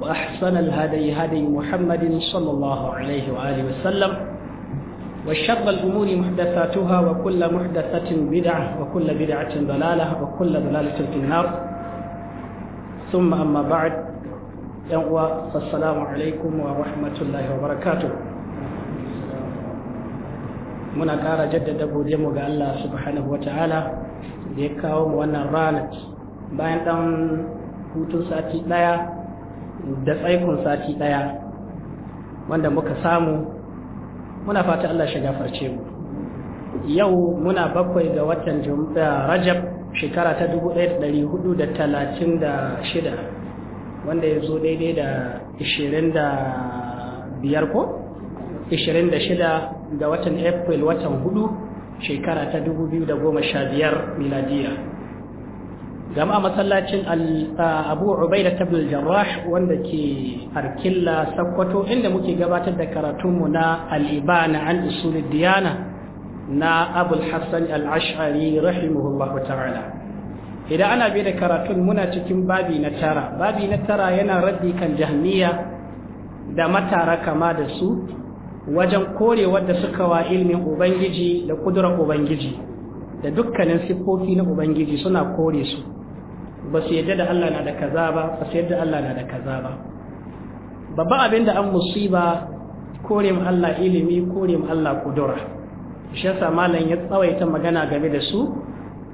وأحسن الهدي هدي محمد صلى الله عليه وآله وسلم وشر الأمور محدثاتها وكل محدثة بدعة وكل بدعة ضلالة وكل ضلالة في النار ثم أما بعد يوم فالسلام عليكم ورحمة الله وبركاته muna ƙara jaddada godiyarmu ga Allah subhanahu wata'ala da ya kawo mu wannan ranar bayan ɗan hutun sati ɗaya da tsaikon sati ɗaya wanda muka samu muna fata Allah shi gafarce mu yau muna bakwai ga watan eh, rajab shekara ta 1436 wanda ya zo daidai da 25 ko 26 ga watan april watan hudu shekara ta 2015 miladiya jama'a masallacin abu ubaida tabbil jarrah wanda ke arkilla sakkwato inda muke gabatar da karatunmu na al'ibana an usulul diyana na abul hassan al'ash'ari rahimahullah ta'ala idan ana bi da karatun muna cikin babi na tara babi na tara yana raddi kan jahmiya da matara kama da su wajen korewar da suka wa ilmin ubangiji da kudurar ubangiji da dukkanin siffofi na ubangiji suna kore su ba su yadda da Allah na da kaza ba ba su yadda Allah na da kaza ba babba abin da an musiba kore mu Allah ilimi kore mu Allah kudura shi yasa malam ya tsawaita magana game da su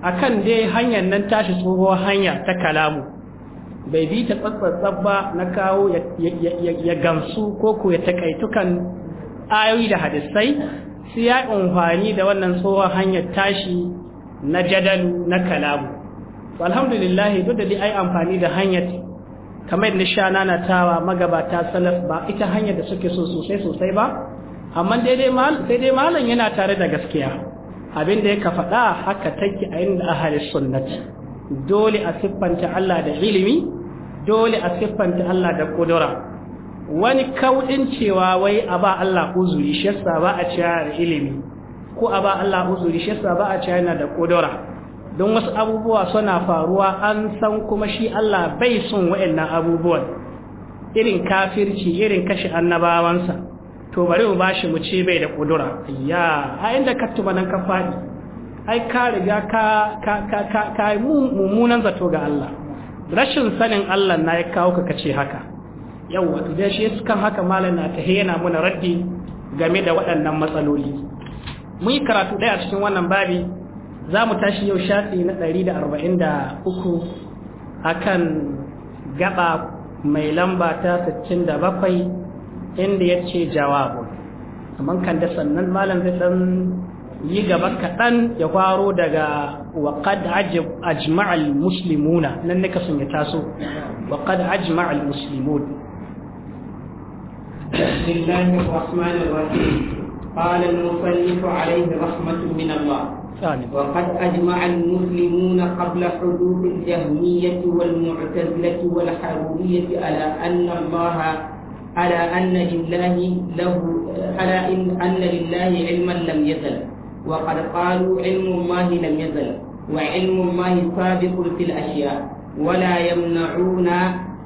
akan dai hanyar nan tashi tsohuwar hanya ta kalamu bai bi ta tsatsatsab ba na kawo ya gamsu ko ko ya takaitukan ayoyi da hadisai sai ya amfani da wannan tsohon hanyar tashi na jadalu na kalamu alhamdulillah duk da ai amfani da hanyar kamar yadda sha nanatawa magabata salaf ba ita hanyar da suke so sosai sosai ba amma daidai sai dai malam yana tare da gaskiya abin da ka faɗa haka take a inda ahli sunnat dole a siffanta Allah da ilimi dole a siffanta Allah da kudura wani kaudin cewa wai a ba Allah uzuri shi yasa ba a cewa ilimi ko a ba Allah uzuri shi yasa ba a cewa yana da kodora don wasu abubuwa suna faruwa an san kuma shi Allah bai son wa'annan abubuwan irin kafirci irin kashe annabawansa to bari mu bashi mu ce bai da kodora ya a inda ka tuba nan ka fadi ai ka riga ka ka ka ka mummunan zato ga Allah rashin sanin Allah na ya kawo ka kace haka yau wato da shi sukan haka malam na ta yana muna raddi game da waɗannan matsaloli mu yi karatu ɗaya a cikin wannan babi za mu tashi yau shafi na 143 akan gaba mai lamba ta 67 inda ya ce jawabu amma kan da sannan malam zai ɗan yi gaba kaɗan ya kwaro daga waƙad ajma'al muslimuna nan nika sun ya taso waƙad ajma'al muslimun بسم الله الرحمن الرحيم قال المصنف عليه رحمة من الله وقد أجمع المسلمون قبل حدوث الجهمية والمعتزلة والحرورية على أن الله على أن لله له على أن لله علما لم يزل وقد قالوا علم الله لم يزل وعلم الله سابق في الأشياء ولا يمنعون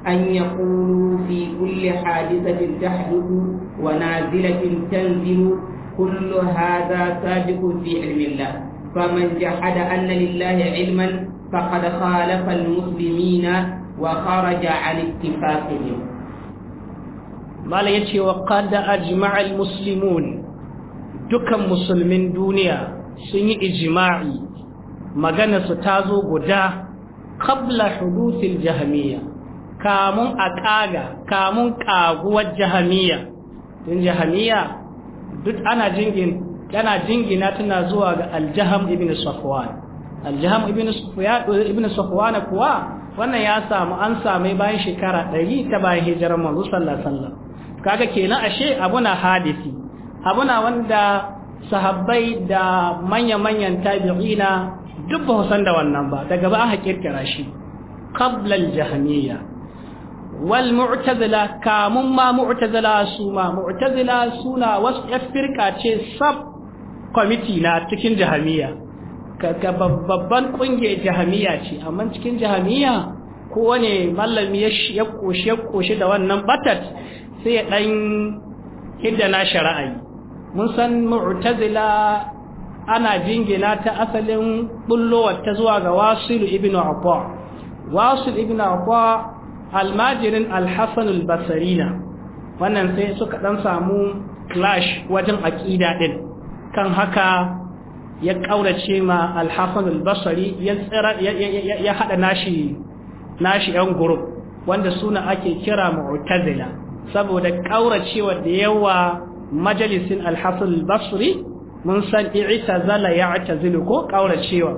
أن يقولوا في كل حادثة تحدث ونازلة تنزل كل هذا سابق في علم الله فمن جحد أن لله علما فقد خالف المسلمين وخرج عن اتفاقهم ما لا يتي وقد أجمع المسلمون دكم مسلمين دنيا سني إجماعي مغانا ستازو غدا قبل حدوث الجهمية كامون أكاغا كامون كاغوة الجهمية الجهميه duk ana jingin jingina tana zuwa ga aljaham ibn safwan aljaham ibn safwan ibn safwan kuwa wannan ya samu an same bayan shekara 100 ta bayan hijirar manzo sallallahu alaihi wasallam kaga kenan ashe abuna hadisi na wanda sahabbai da manya-manyan tabi'ina duk ba san da wannan ba daga ba a kirkira shi qabla aljahmiyya wal mu'tazila kamun ma mu'tazila su ma mu'tazila suna wasu ya firka ce sub kwamiti na cikin jahamiya ka babban kungiyar jahamiya ce amma cikin jahamiya ko kowane mallami ya koshi ya koshi da wannan batat sai ya ɗan hidda na shara'ayi mun san mu'tazila ana jingina ta asalin bullowar ta zuwa ga wasilu ibn abba Wasu, ibn abba almajirin alhassanul basarina wannan sai suka dan samu clash wajen aƙida ɗin kan haka ya ƙaurace ma alhassanul basari ya haɗa nashi nashi 'yan gurub wanda suna ake kira mu'tazila saboda ƙauracewa da yawa majalisin alhassanul basri mun san i'ita zala ya ko ƙauracewa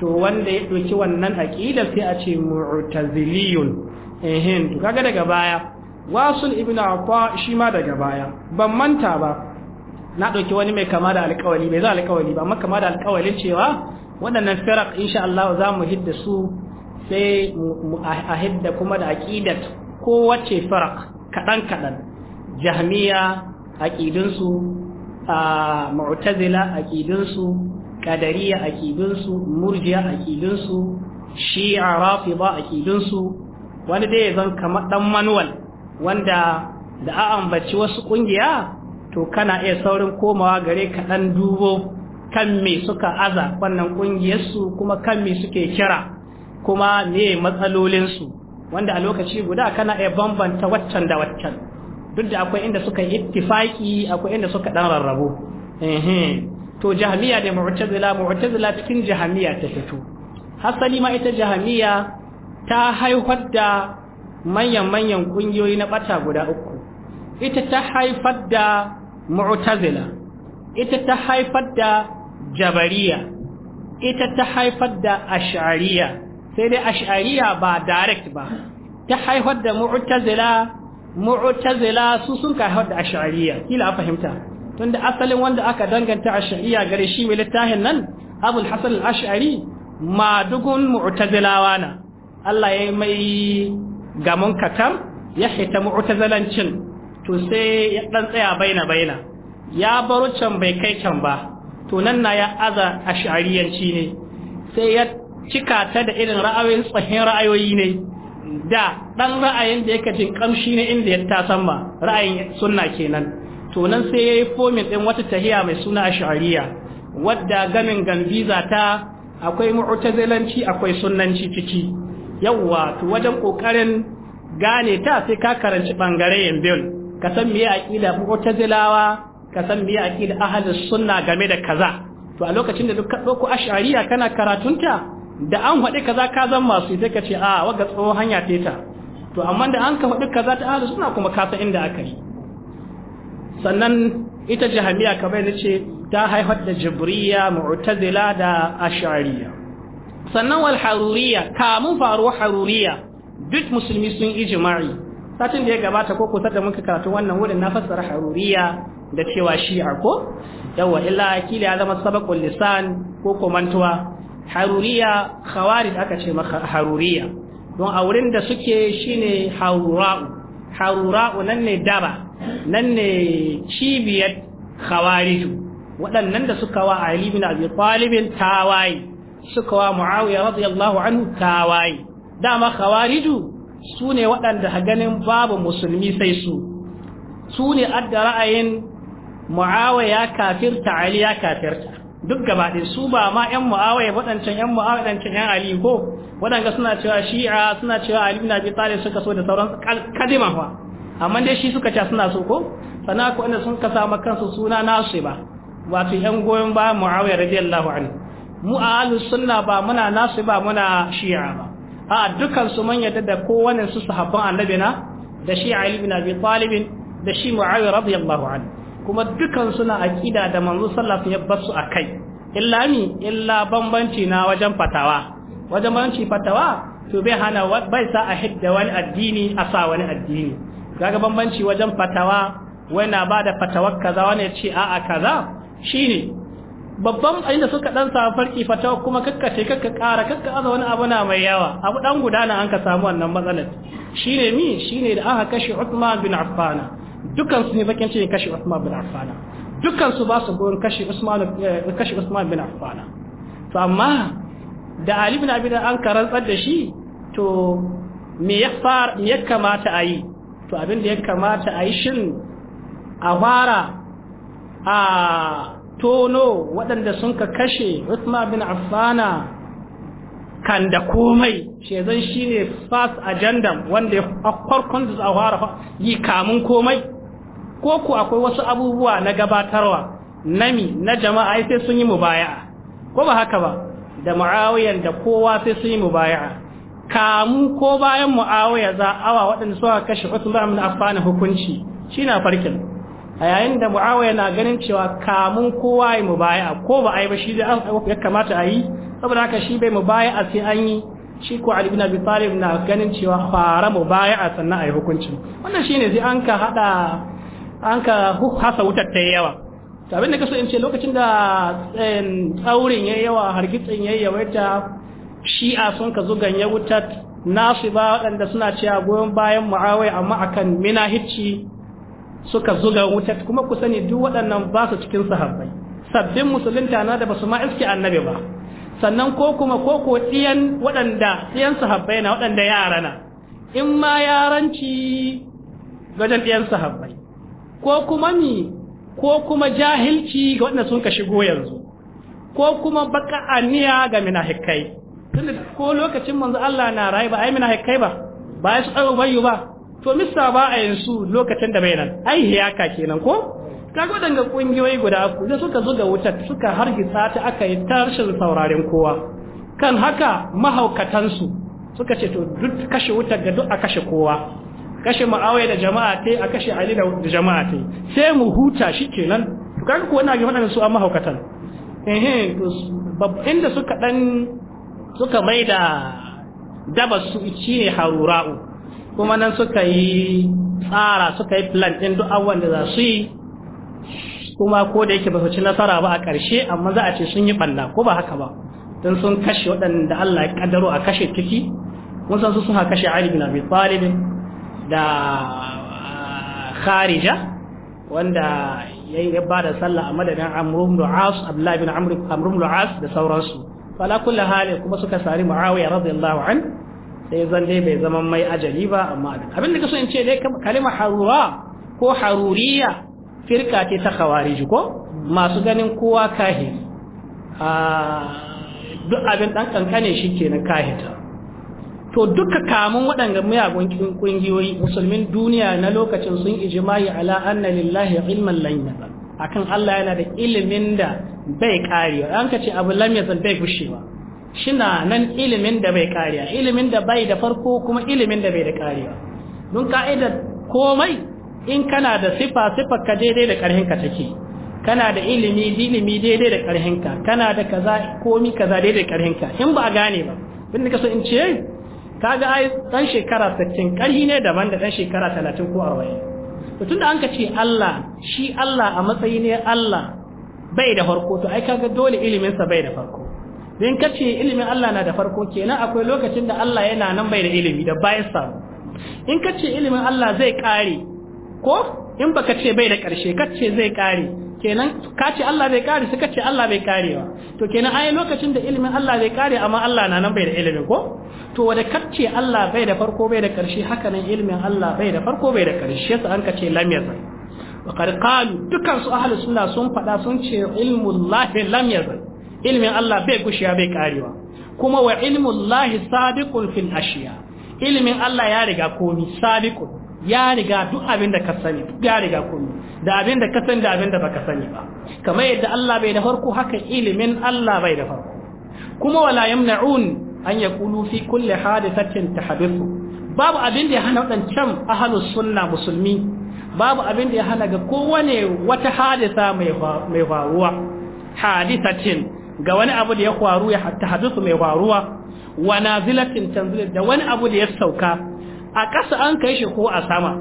to wanda ya ɗauki wannan aƙida sai a ce mu'taziliyun ehin to kaga daga baya wasul ibn afa shi ma daga baya ban manta ba na ɗauki wani mai kama da alƙawali bai za alƙawali ba amma kama da alƙawalin cewa waɗannan firak insha Allah za mu hidda su sai a hidda kuma da aqidat ko wace firaq kaɗan kaɗan jahmiya su a mu'tazila aqidun su murji'a murjiya su shi'a rafida su wani dai zan kamar dan manual wanda da a ambaci wasu kungiya to kana iya saurin komawa gare ka dan dubo kan me suka aza wannan kungiyarsu kuma kan me suke kira kuma me matsalolinsu wanda a lokaci guda kana iya bambanta waccan da waccan duk da akwai inda suka ittifaki akwai inda suka dan rarrabu to jahmiya da mu'tazila mu'tazila cikin jahmiya ta fito hasali ma ita jahmiya ta haifar da manyan-manyan ƙungiyoyi na ɓata guda uku ita ta haifar da mu'tazila ita ta haifar da jabariya ita ta haifar da ash'ariya sai dai ash'ariya ba direct ba ta haifar da mu'tazila mu'tazila su sun ka haifar da ash'ariya kila fahimta tun da asalin wanda aka danganta ash'ariya gare shi mai littafin nan abul hasan al-ash'ari ma dugun mu'tazilawa na Allah ya mai gamon katam ya hita mu'tazalancin to sai ya dan tsaya baina baina ya baro can bai kai can ba to nan na ya aza ash'ariyanci ne sai ya cika ta da irin ra'ayoyin tsahin ra'ayoyi ne da ɗan ra'ayin da yake jin kamshi ne inda ya san ma ra'ayin sunna kenan to nan sai yayi fomin ɗin wata tahiya mai suna ash'ariya wadda gamin gambiza ta akwai mu'tazilanci akwai sunnanci ciki yawwa to wajen kokarin gane ta sai ka karanci bangaren biyun ka san meye aqida mu'tazilawa ka san meye aqida ahlus sunna game da kaza to a lokacin da duk ka dauko ash'ariya kana karatunta da an faɗi kaza ka zan masu sai ka ce a ah, waga tsohon hanya teta to amma da an ka faɗi kaza ta ahlus suna kuma ka inda aka yi sannan ita jahamiya kamar ce ta haifar da jibriya mu'tazila da ash'ariya sannan wal haruriya kamun faruwar haruriya duk musulmi sun ijma'i satin da ya gabata ko kusa da muka karatu wannan wurin na fassara haruriya da cewa shi'a ko yawa illa akili ya zama sabaqul lisan ko komantuwa haruriya khawarij aka ce maka haruriya don a wurin da suke shine harura'u harura'u nan ne daba nan ne cibiyar khawariju waɗannan da suka wa Ali bin Abi Talib tawaye suka wa muawiya radiyallahu anhu tawaye dama khawariju sune wadanda waɗanda ganin babu musulmi sai su sune adda ra'ayin muawiya kafirta ali ya kafirta duk gabaɗe su ba ma ƴan muawiya waɗancan ƴan muawiya waɗancan ƴan ali ko waɗanda suna cewa shi'a suna cewa ali ibn abi talib suka so da sauran kadima fa amma dai shi suka ce suna so ko sana ko inda sun kasa kansu suna nasu ba wato ƴan goyon ba muawiya radiyallahu anhu mu a ahlus sunna ba muna nasu ba muna shi'a ba a dukansu su man yadda da kowanne su sahabban annabi na da shi Ali ibn Abi Talib da shi Muawiya radiyallahu anhu kuma dukan suna aqida da manzo sallallahu alaihi wasallam ya bar su akai illa ni illa bambanci na wajen fatawa wajen bambanci fatawa to bai hana bai sa a hidda wani addini a sa wani addini kaga bambanci wajen fatawa wai na bada fatawar kaza wani ya ce a'a kaza shine babban inda suka dan samu farki fata kuma ce kakka kara kakka aza wani abu na mai yawa abu dan gudana an ka samu wannan matsalar shine mi shine da aka kashe Uthman bin Affan dukan su ne bakin cikin kashe Uthman bin Affan dukan su ba su gurin kashe Usman eh, kashe Usman bin Affan to amma da Ali bin Abi an karantsar da shi to me ya far me ya kamata a yi to abin da ya kamata a yi shin a fara a tono waɗanda sun ka kashe Usman bin Affana kan da komai shi ne fast agenda wanda a farkon da a yi kamun komai ko ku akwai wasu abubuwa na gabatarwa nami na jama'a sai sun yi mubaya'a ko ba haka ba da mu'awiyan da kowa sai sun yi mubaya'a kamu ko bayan mu'awiya za awa waɗanda suka kashe Usman bin Affana hukunci shi na farkin a yayin da muawiya na ganin cewa kamun kowa mu mubaya'a ko ba a yi ba shi da ya kamata a yi saboda haka shi bai mu a sai an yi shi ko Ali bin na ganin cewa fara a sannan a yi hukunci wannan shine sai an ka hada an ka hasa wutar ta yawa to abin da kaso in ce lokacin da tsaurin ya yawa hargitsin yayi yawaita shi'a sun ka zo ganye wutar nasu ba waɗanda suna cewa goyon bayan mu'awai amma akan mina hicci suka zuga wuta kuma ku sani duk waɗannan ba su cikin sahabbai sabbin musulunta na da ba su ma iske annabi ba sannan ko kuma ko ko ɗiyan waɗanda ɗiyan sahabbai na waɗanda yara na in ma yaranci wajen ɗiyan sahabbai ko kuma ni ko kuma jahilci ga waɗanda sun ka shigo yanzu ko kuma baka aniya ga minahikai tunda ko lokacin manzo Allah na rayu ba ai minahikai ba ba su ɗaga bayu ba to mista ba a yanzu lokacin da bai nan ai hiyaka kenan ko kaga daga kungiyoyi guda ku da suka da wutar suka hargitsa ta aka yi tarshen sauraren kowa kan haka mahaukatansu suka ce to duk kashe wutar ga duk a kashe kowa kashe ma'awai da jama'a tai a kashe ali da jama'a tai sai mu huta shi kenan to kaga ko wannan ga faɗa su a mahaukatan eh to inda suka dan suka maida daba su ci ne harura'u kuma nan suka yi tsara suka yi plan ɗin duk da za su yi kuma ko da yake ba ci nasara ba a ƙarshe amma za a ce sun yi ɓanna ko ba haka ba don sun kashe waɗanda Allah ya ƙaddaro a kashe ciki mun san su sun ha kashe Ali bin Abi Talib da ah, Kharija wanda ya ba da sallah a madadin Amr ibn As Abdullah bin Amr ibn As da sauransu fala kullu hali kuma suka sari Muawiya radiyallahu anhu sai zan dai bai zama mai ajali ba amma abin da kaso in ce dai kalima harura ko haruriya firka ce ta khawariji ko masu ganin kowa kahiri ah, duk abin dan kankane shi kenan kahita to duka kamun waɗanda miyagun ƙungiyoyi musulmin duniya na lokacin sun ijimai ala anna lillahi ilman lan akan Allah yana da ilimin da bai karewa an ka ce abu lam bai fushewa shina nan ilimin da bai kariya ilimin da bai da farko kuma ilimin da bai da kariya don ka'idar komai in kana da sifa sifa ka daidai da karhin ka take kana da ilimi ilimi daidai da karhin ka kana da kaza komi kaza daidai da karhin ka in ba a gane ba bin ka so in ce kaga ai dan shekara 60 karhi ne daban da dan shekara 30 ko 40 to tunda an ka ce Allah shi Allah a matsayi ne Allah bai da farko to ai kaga dole ilimin sa bai da farko in ka ce ilimin Allah na da farko kenan akwai lokacin da Allah yana nan bai da ilimi da bayan samu in ka ce ilimin Allah zai kare ko in baka ce bai da karshe ka ce zai kare kenan ka ce Allah bai kare suka ce Allah bai karewa to kenan ai lokacin da ilimin Allah bai kare amma Allah na nan bai da ilimi ko to wanda ka ce Allah bai da farko bai da karshe haka nan ilimin Allah bai da farko bai da karshe sai an ka ce lam yazal wa qad qalu dukkan su ahlus sunna sun fada sun ce ilmullahi lam yazal ilmin Allah bai gushiya bai karewa kuma wa ilmu lahi sabiqun fil ashiya ilmin Allah ya riga komi sabiqun ya riga duk abinda ka sani ya riga komi da abinda ka sani da abinda baka sani ba kamar yadda Allah bai da farko haka ilimin Allah bai da farko kuma wala yamna'un an yaqulu fi kulli hadithatin tahaddathu babu abinda ya hana wadancan ahlus sunna musulmi babu abinda ya hana ga kowane wata hadisa mai faruwa hadisatin ga wani abu da ya faru ya hatta hadisu mai faruwa wa nazilatin tanzil da wani abu da ya sauka a ƙasa an kai shi ko a sama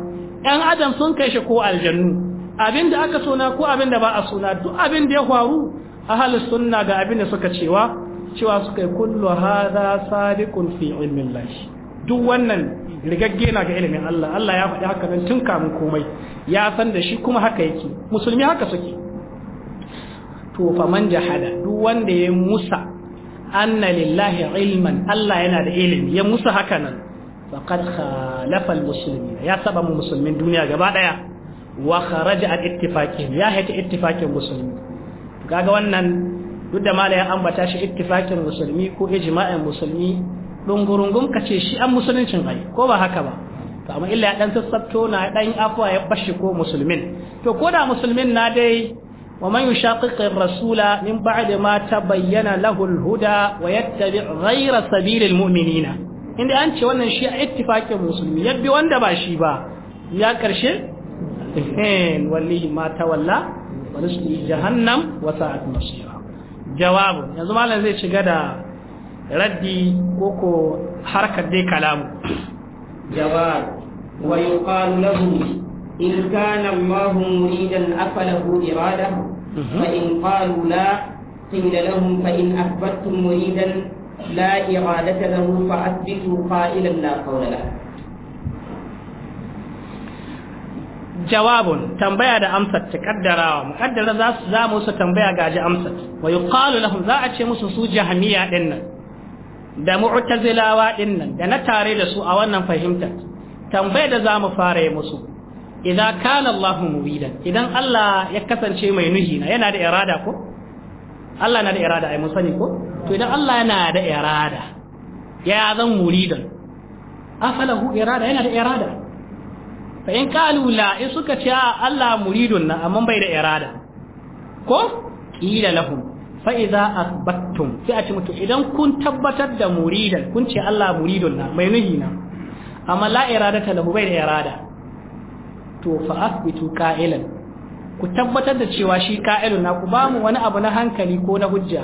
ɗan adam sun kai shi ko aljannu abin da aka sona ko abin da ba a sona duk abin da ya faru ahlus sunna ga abin da suka cewa cewa suka yi kullu hadha sadiqun fi ilmin lahi duk wannan rigagge na ga ilimin Allah Allah ya faɗi haka nan tun kamun komai ya san da shi kuma haka yake musulmi haka suke to man jahada duk wanda ya musa anna lillahi ilman Allah yana da ilimi ya musa haka nan faqad khalafa almuslimin ya saba mu musulmin duniya gaba daya wa kharaja al ittifaqin ya haita ittifaqin musulmi kaga wannan duk da malaya ambata shi ittifaqin musulmi ko ijma'in musulmi dungurungum kace shi an musuluncin ai ko ba haka ba to amma illa ya dan sassabto na dan afwa ya bashi ko musulmin to ko da musulmin na dai ومن يشاقق الرسول من بعد ما تبين له الهدى ويتبع غير سبيل المؤمنين ان دي انشي wannan shi a ittifaqin muslimi yabbi wanda ba shi ba ya karshe hen eh, wallahi ma tawalla walisu jahannam wa sa'at masira jawab yanzu malam zai shiga da raddi koko harkar dai kalamu jawab wa yuqalu lahu in kana Allahu muridan afalahu iradahu فإن قالوا لا قيل لهم فإن أثبتتم مريدا لا إرادة له فأثبتوا قائلا لا قول له jawabun tambaya da amsar ta kaddarawa mukaddara za su za musu tambaya gaji amsar wa yuqalu za a ce musu su jahmiya din da mu'tazilawa din nan da na tare da su a wannan fahimtar tambaya da za mu fara musu idza kana Allahu muridan idan Allah ya kasance mai nuhi na yana da irada ko Allah na da irada ai mun sani ko to idan Allah yana da irada ya zan muridan afalahu irada yana da irada fa in kalu la in suka ce Allah muridun na amma bai da irada ko qila lahu fa idza asbattum sai a ce mutu idan kun tabbatar da muridan kun ce Allah muridun na mai nuhi na amma la iradata lahu bai da irada to fa asbitu qa'ilan ku tabbatar da cewa shi qa'ilun na ku ba mu wani abu na hankali ko na hujja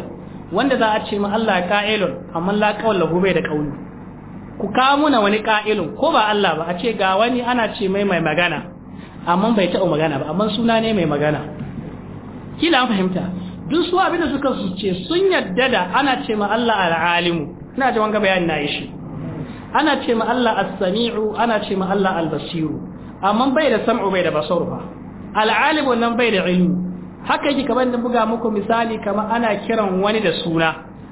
wanda za a ce ma Allah qa'ilun amma la qawla hu bai da qawli ku kawo muna wani qa'ilun ko ba Allah ba a ce ga wani ana ce mai mai magana amma bai taɓa magana ba amma suna ne mai magana kila fahimta duk su abin da suka ce sun yadda da ana ce ma Allah al'alimu ina ji wanga bayanin na yi shi ana ce ma Allah as-sami'u ana ce ma Allah al-basiru amma bai da sam'u bai da basaru ba al'alibu wannan bai da ilmi haka yake kamar da buga muku misali kamar ana kiran wani da suna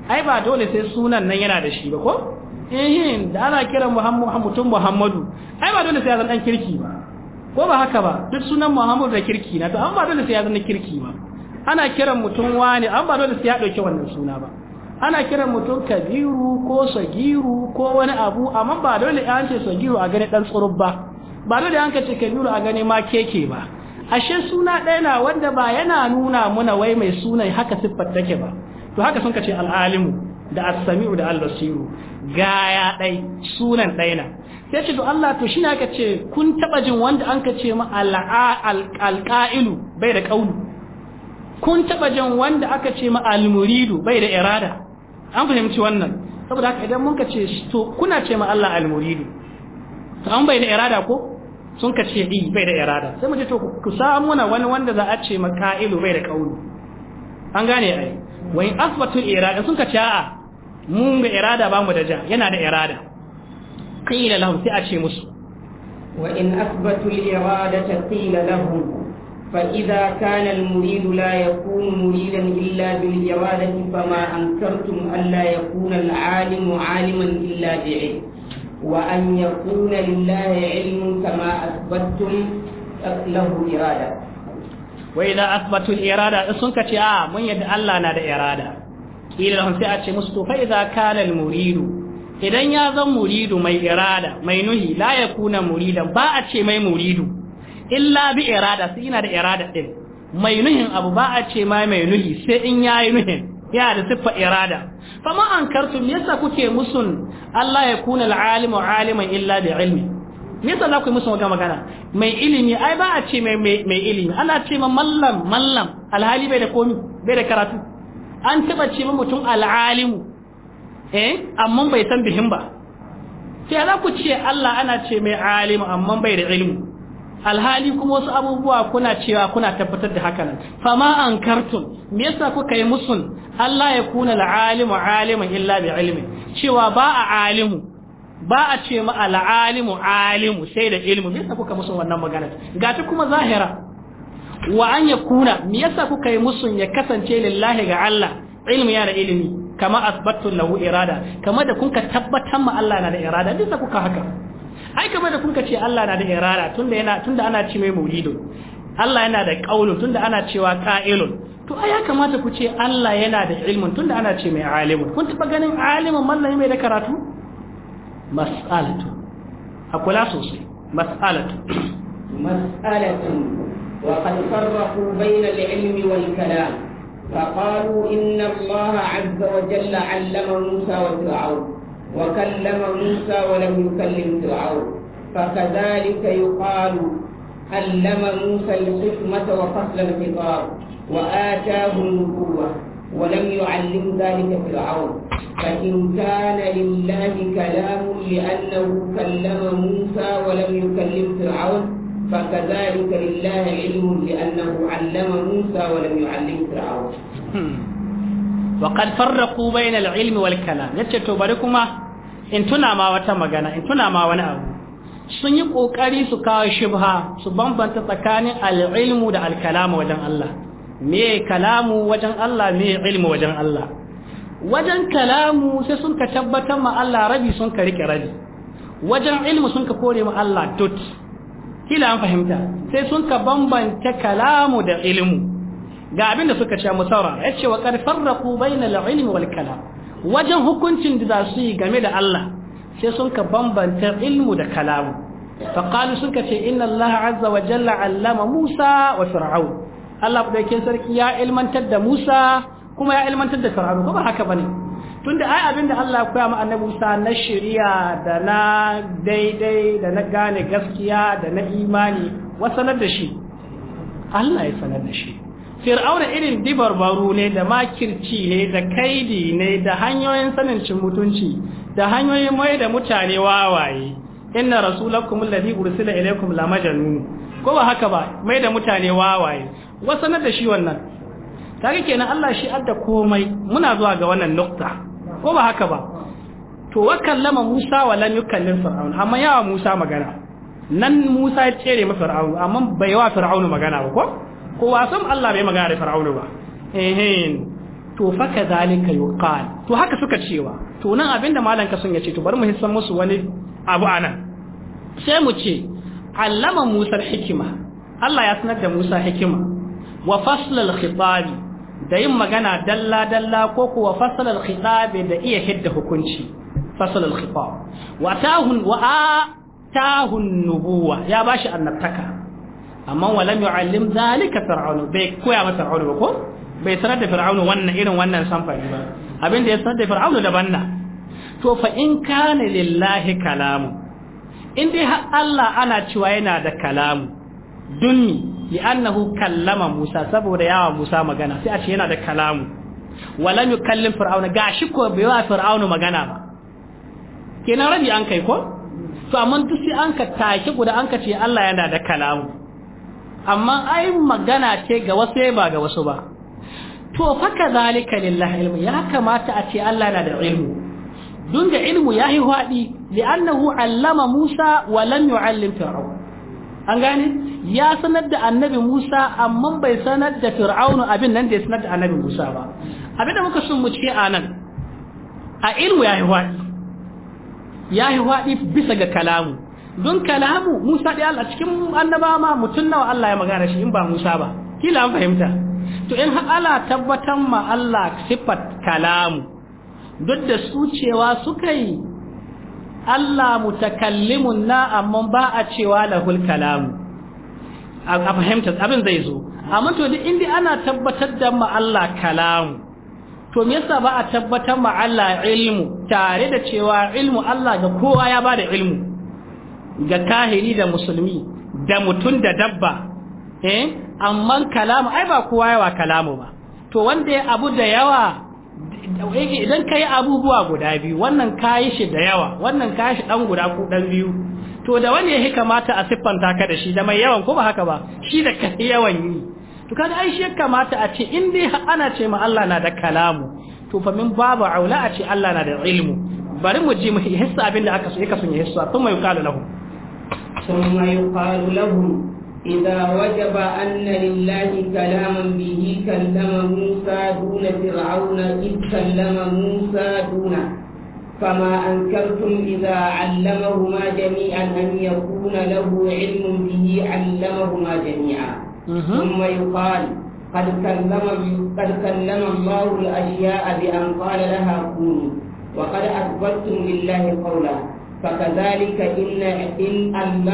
ai ba dole sai sunan nan yana da shi ba ko eh da ana kiran Muhammad mutum Muhammadu ai ba dole sai ya zan kirki ba ko ba haka ba duk sunan Muhammadu da kirki na to amma ba dole sai ya zan kirki ba ana kiran mutum wani amma ba dole sai ya dauke wannan suna ba ana kiran mutum kabiru ko sagiru ko wani abu amma ba dole an ce sagiru a gani dan tsurub ba ba da yanka ce kabiru a gani ma keke ba ashe suna ɗaya na wanda ba yana nuna muna wai mai sunan haka siffar take ba to haka sun kace al'alimu da as-sami'u da al-basiru gaya ɗai sunan ɗaya na sai ce to Allah to shine aka ce kun taba jin wanda an kace ma al-qa'ilu bai da qaulu kun taba jin wanda aka ce ma al-muridu bai da irada an fahimci wannan saboda haka idan mun kace to kuna ce ma Allah al-muridu to an bai da irada ko sun ka ce i bai da irada sai mu ce to ku samu na wani wanda za a ce maka'ilu bai da kaulu an gane ai wa in asbatu irada sun ka ce a'a mun ga irada ba mu da ja yana da irada qila lahum sai a ce musu wa in asbatu al-iradata qila lahum فإذا كان المريد لا يكون مريدا إلا بالإرادة فما أنكرتم ألا يكون العالم عالما إلا بعلم وأن يكون لله علم كما أثبتم له إرادة وإذا أثبتوا الإرادة أصنك تعا من يد الله نادى إرادة إلى لهم سيأتي مستو فإذا كان المريد إذن يظن مريد من إرادة من نهي لا يكون مريدا باعتي من مريد إلا بإرادة سينا دا إرادة من نهي أبو باعتي ما ينهي سيئن يا ينهي yana da siffa irada fama an kartu me yasa kuke musun Allah ya kuna wa aliman illa bi ilmi me yasa za ku musun wannan magana mai ilimi ai ba a ce mai mai ilimi ana ce ma mallam mallam alhali bai da komi bai da karatu an taba ce mutum al'alimu eh amma bai san bihin ba sai za ku ce Allah ana ce mai alimu amma bai da ilimi alhali kuma wasu abubuwa kuna cewa kuna tabbatar da haka nan fama an kartun me yasa kuka yi musun Allah ya kuna al'alimu aliman illa bi ilmi cewa ba a alimu ba a ce ma al'alimu alimu sai da ilmi me yasa kuka musun wannan magana gata kuma zahira wa an ya kuna me yasa kuka yi musun ya kasance lillahi ga Allah ilmi ya da ilimi kama asbattu lahu irada kama da kun tabbatar ma Allah na da irada duk kuka haka ai kamar da kuka ce Allah na da irada tunda yana tunda ana ce mai maulidun Allah yana da qaulun tunda ana cewa qa'ilun to ai ya kamata ku ce Allah yana da ilmun tunda ana ce mai alimun kun taba ganin alimun mallami mai da karatu mas'alatu akula sosai mas'alatu mas'alatu wa qad farraqu bayna al-ilmi wal kalam فقالوا إن الله عز وجل علم موسى وفرعون وكلم موسى ولم يكلم فرعون فكذلك يقال علم موسى الحكمة وفصل الخطاب وآتاه النبوة ولم يعلم ذلك فرعون فإن كان لله كلام لأنه كلم موسى ولم يكلم فرعون فكذلك لله علم لأنه علم موسى ولم يعلم فرعون وقد فرقوا بين العلم والكلام يتشتوا بركما in tuna ma wata magana in tuna ma wani abu sun yi kokari su kawo shubha su bambanta tsakanin al'ilmu da alkalamu wajen Allah me kalamu wajen Allah me ilmu wajen Allah wajen kalamu sai sun ka tabbatar ma Allah rabi sun ka rike rabi wajen ilmu sun ka kore ma Allah tut kila an fahimta sai sun ka bambanta kalamu da ilmu ga abin da suka ce musawara. yace wa qad farraqu bainal ilmi wal kalam wajen hukuncin da za su yi game da Allah sai sun ka bambanta ilmu da kalamu faƙalu sun ka ce inna Allah azza wa jalla allama Musa wa Fir'aun Allah ɗaukin sarki ya ilmantar da Musa kuma ya ilmantar da Fir'aun ba haka bane tunda ai abin da Allah ya koya ma annabi Musa na shari'a da na daidai da na gane gaskiya da na imani wasanar da shi Allah ya sanar da shi fir'auna irin dibarbaru ne da makirci ne da kaidi ne da hanyoyin sanin cin mutunci da hanyoyin mai da mutane wawaye inna rasulakum alladhi ursila ilaykum la majnun ko ba haka ba mai da mutane wawaye na da shi wannan kage kenan Allah shi adda komai muna zuwa ga wannan nukta ko ba haka ba to wa kallama Musa wa lam yukallim fir'aun amma yawa Musa magana nan Musa ya tsere ma fir'aun amma bai wa fir'aun magana ba ko ko wasan Allah bai magana da Fir'auna ba ehin to fa kadhalika yuqal to haka suka cewa to nan abinda malam ka sun yace to bari mu hissan musu wani abu anan sai mu ce allama Musa hikima Allah ya sanar da Musa hikima wa fasl al-khitab da yin magana dalla dalla ko kuwa fasl al-khitab da iya hidda hukunci fasl al-khitab wa tahun wa tahun nubuwa ya bashi annabtaka amma walam yu'allim zalika fir'aunu bai koya masa fir'aunu ba ko bai sanar da fir'aunu wannan irin wannan samfani ba abin da ya sanar da fir'aunu daban na to fa in kana lillahi kalamu in dai har Allah ana cewa yana da kalamu dunni li annahu kallama Musa saboda yawa Musa magana sai a ce yana da kalamu walam yukallim fir'auna gashi ko bai wa fir'aunu magana ba kenan rabi an kai ko to amma duk sai an ka take guda an ka ce Allah yana da kalamu amma ai magana ce ga wasu ba ga wasu ba to faka zalika lillahi ilmu ya kamata a ce Allah na da ilmu dun da ilmu ya yi haɗi li'annahu allama Musa wa lam yu'allim fir'aun an gane ya sanar da annabi Musa amma bai sanar da Fir'aun abin nan da ya sanar da annabi Musa ba abin da muka sun mu ce anan a ilmu ya yi haɗi ya yi haɗi bisa ga kalamu don kalamu Musa da Allah cikin annabawa ma mutun nawa Allah ya magana shi in ba Musa ba kila an fahimta to in har Allah tabbatar ma Allah sifat kalamu duk da su cewa suka yi Allah mutakallimun na amma ba a cewa lahul kalamu a fahimta abin zai zo amma to duk inda ana tabbatar da ma Allah kalamu to me yasa ba a tabbatar ma Allah ilmu tare da cewa ilmu Allah ga kowa ya bada ilmu ga kahiri da musulmi da mutum da dabba eh amma kalamu ai ba kowa yawa kalamu ba to wanda ya abu da yawa idan ka yi abubuwa guda biyu wannan ka yi shi da yawa wannan ka yi shi ɗan guda ko ɗan biyu to da wani ya kamata a siffanta ka da shi da mai yawan ko ba haka ba shi da ka yawan yi to kaga ai shi ya kamata a ce in dai ana ce ma Allah na da kalamu to fa min babu aula a ce Allah na da ilmu bari mu ji mu hissa abin da aka so yake sun yi hissa kuma yukalu lahu ثم يقال لهم إذا وجب أن لله كلاما به كلم موسى دون فرعون إذ كلم موسى دونه فما أنكرتم إذا علمهما جميعا أن يكون له علم به علمهما جميعا ثم يقال قد كلم قد كلم الله الأشياء بأن قال لها كوني وقد أثبتم لله قولا فكذلك إن إن علم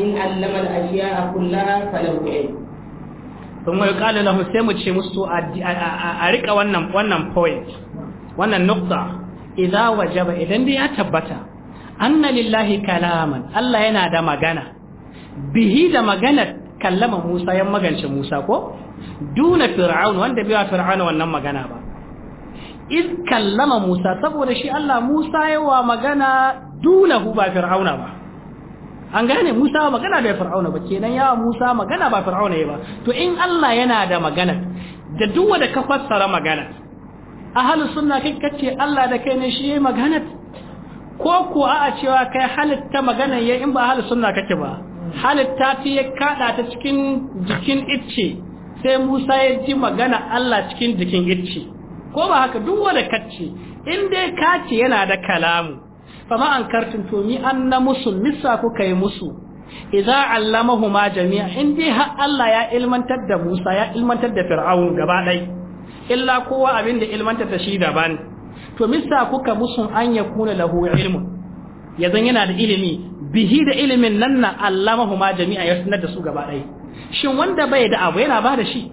إن علم الأشياء كلها فله علم sun mai kala lahu sai mu ce musu a rika wannan wannan point wannan nukta idan wajaba idan dai ya tabbata anna lillahi kalaman Allah yana da magana bihi da magana kallama Musa yan magance Musa ko duna fir'aun wanda bai wa fir'aun wannan magana ba iz kallama Musa saboda shi Allah Musa yawa magana dunahu ba fir'auna ba an gane Musa magana bai fir'auna ba kenan yawa Musa magana ba fir'auna ba to in Allah yana da magana da duk wanda ka fassara magana ahlus sunna kai kace Allah da kai ne shi yayi magana ko ko a cewa kai halitta magana yayi in ba ahlus sunna kake ba halitta ta ya kada ta cikin jikin icce sai Musa ya ji magana Allah cikin jikin icce ko ba haka duk wanda kace in dai kace yana da kalamu fama an kartin to an na musu misa kuka yi musu Iza allamahuma jami'a in dai har Allah ya ilmantar da Musa ya ilmantar da Fir'aun gaba ɗai illa kowa abin da ilmantar da shi daban to misa kuka musu an kuna lahu ilmu yazan yana da ilimi bihi da ilimin nan na ma jami'a ya sanar da su gaba ɗai shin wanda bai da abu yana ba da shi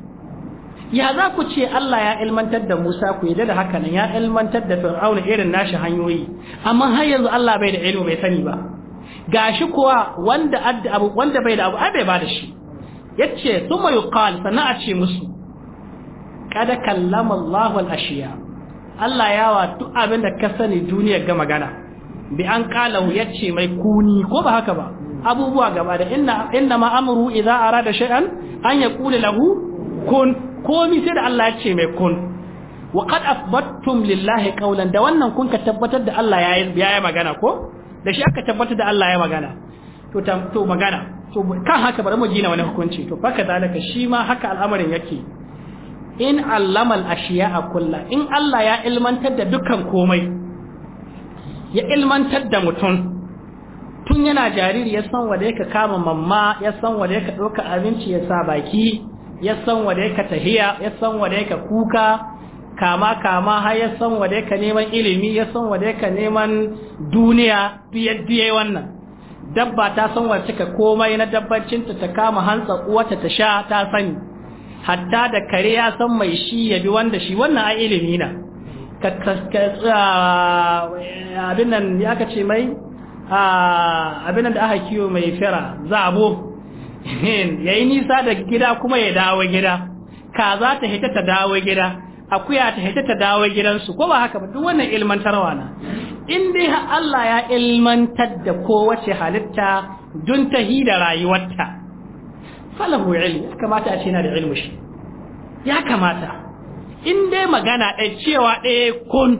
ya za ku ce Allah ya ilmantar da Musa ku yadda da haka nan ya ilmantar da Fir'auna irin nashi hanyoyi amma har yanzu Allah bai da ilimi bai sani ba gashi kuwa wanda adda abu wanda bai da abu ai bai ba da shi yace thumma yuqal sana a ce musu kada kallama Allah wal ashiya Allah ya wa duk abin da ka sani duniyar ga magana bi an kala yace mai kuni ko ba haka ba abubuwa gaba da inna inna ma amru idza arada shay'an an yaqulu lahu kun komi sai da Allah ya ce mai kun wa qad asbattum lillahi qawlan da wannan kun ka tabbatar da Allah ya yi magana ko da shi aka tabbatar da Allah ya magana to to magana to kan haka bari mu gina wani hukunci to fa zalaka shi ma haka al'amarin yake in allama al-ashiya'a kullu in Allah ya ilmantar da dukkan komai ya ilmantar da mutum tun yana jariri ya san wanda yake kama mamma ya san wanda yake ɗauka abinci ya sa baki ya san wanda yake tahiya ya san wanda yake kuka kama kama har ya san wanda yake neman ilimi ya san wanda yake neman duniya biye-biye wannan dabba ta san wa cika komai na dabbancin ta kama hantsa uwata ta sha ta sani hatta da kare ya san mai shi ya bi wanda shi wannan a ilimi na ka abin nan ya aka ce mai abin nan da aka kiwo mai fira zabo ya yi nisa da gida kuma ya dawo gida kaza ta hita ta dawo gida akuya ta hita ta dawo gidansu ko ba haka ba duk wannan ilmantarwa na in dai Allah ya ilmantar da kowace halitta dun ta da rayuwarta falahu ilmi ya kamata a ce yana da ilmi shi ya kamata in dai magana ɗaya cewa ɗaya kun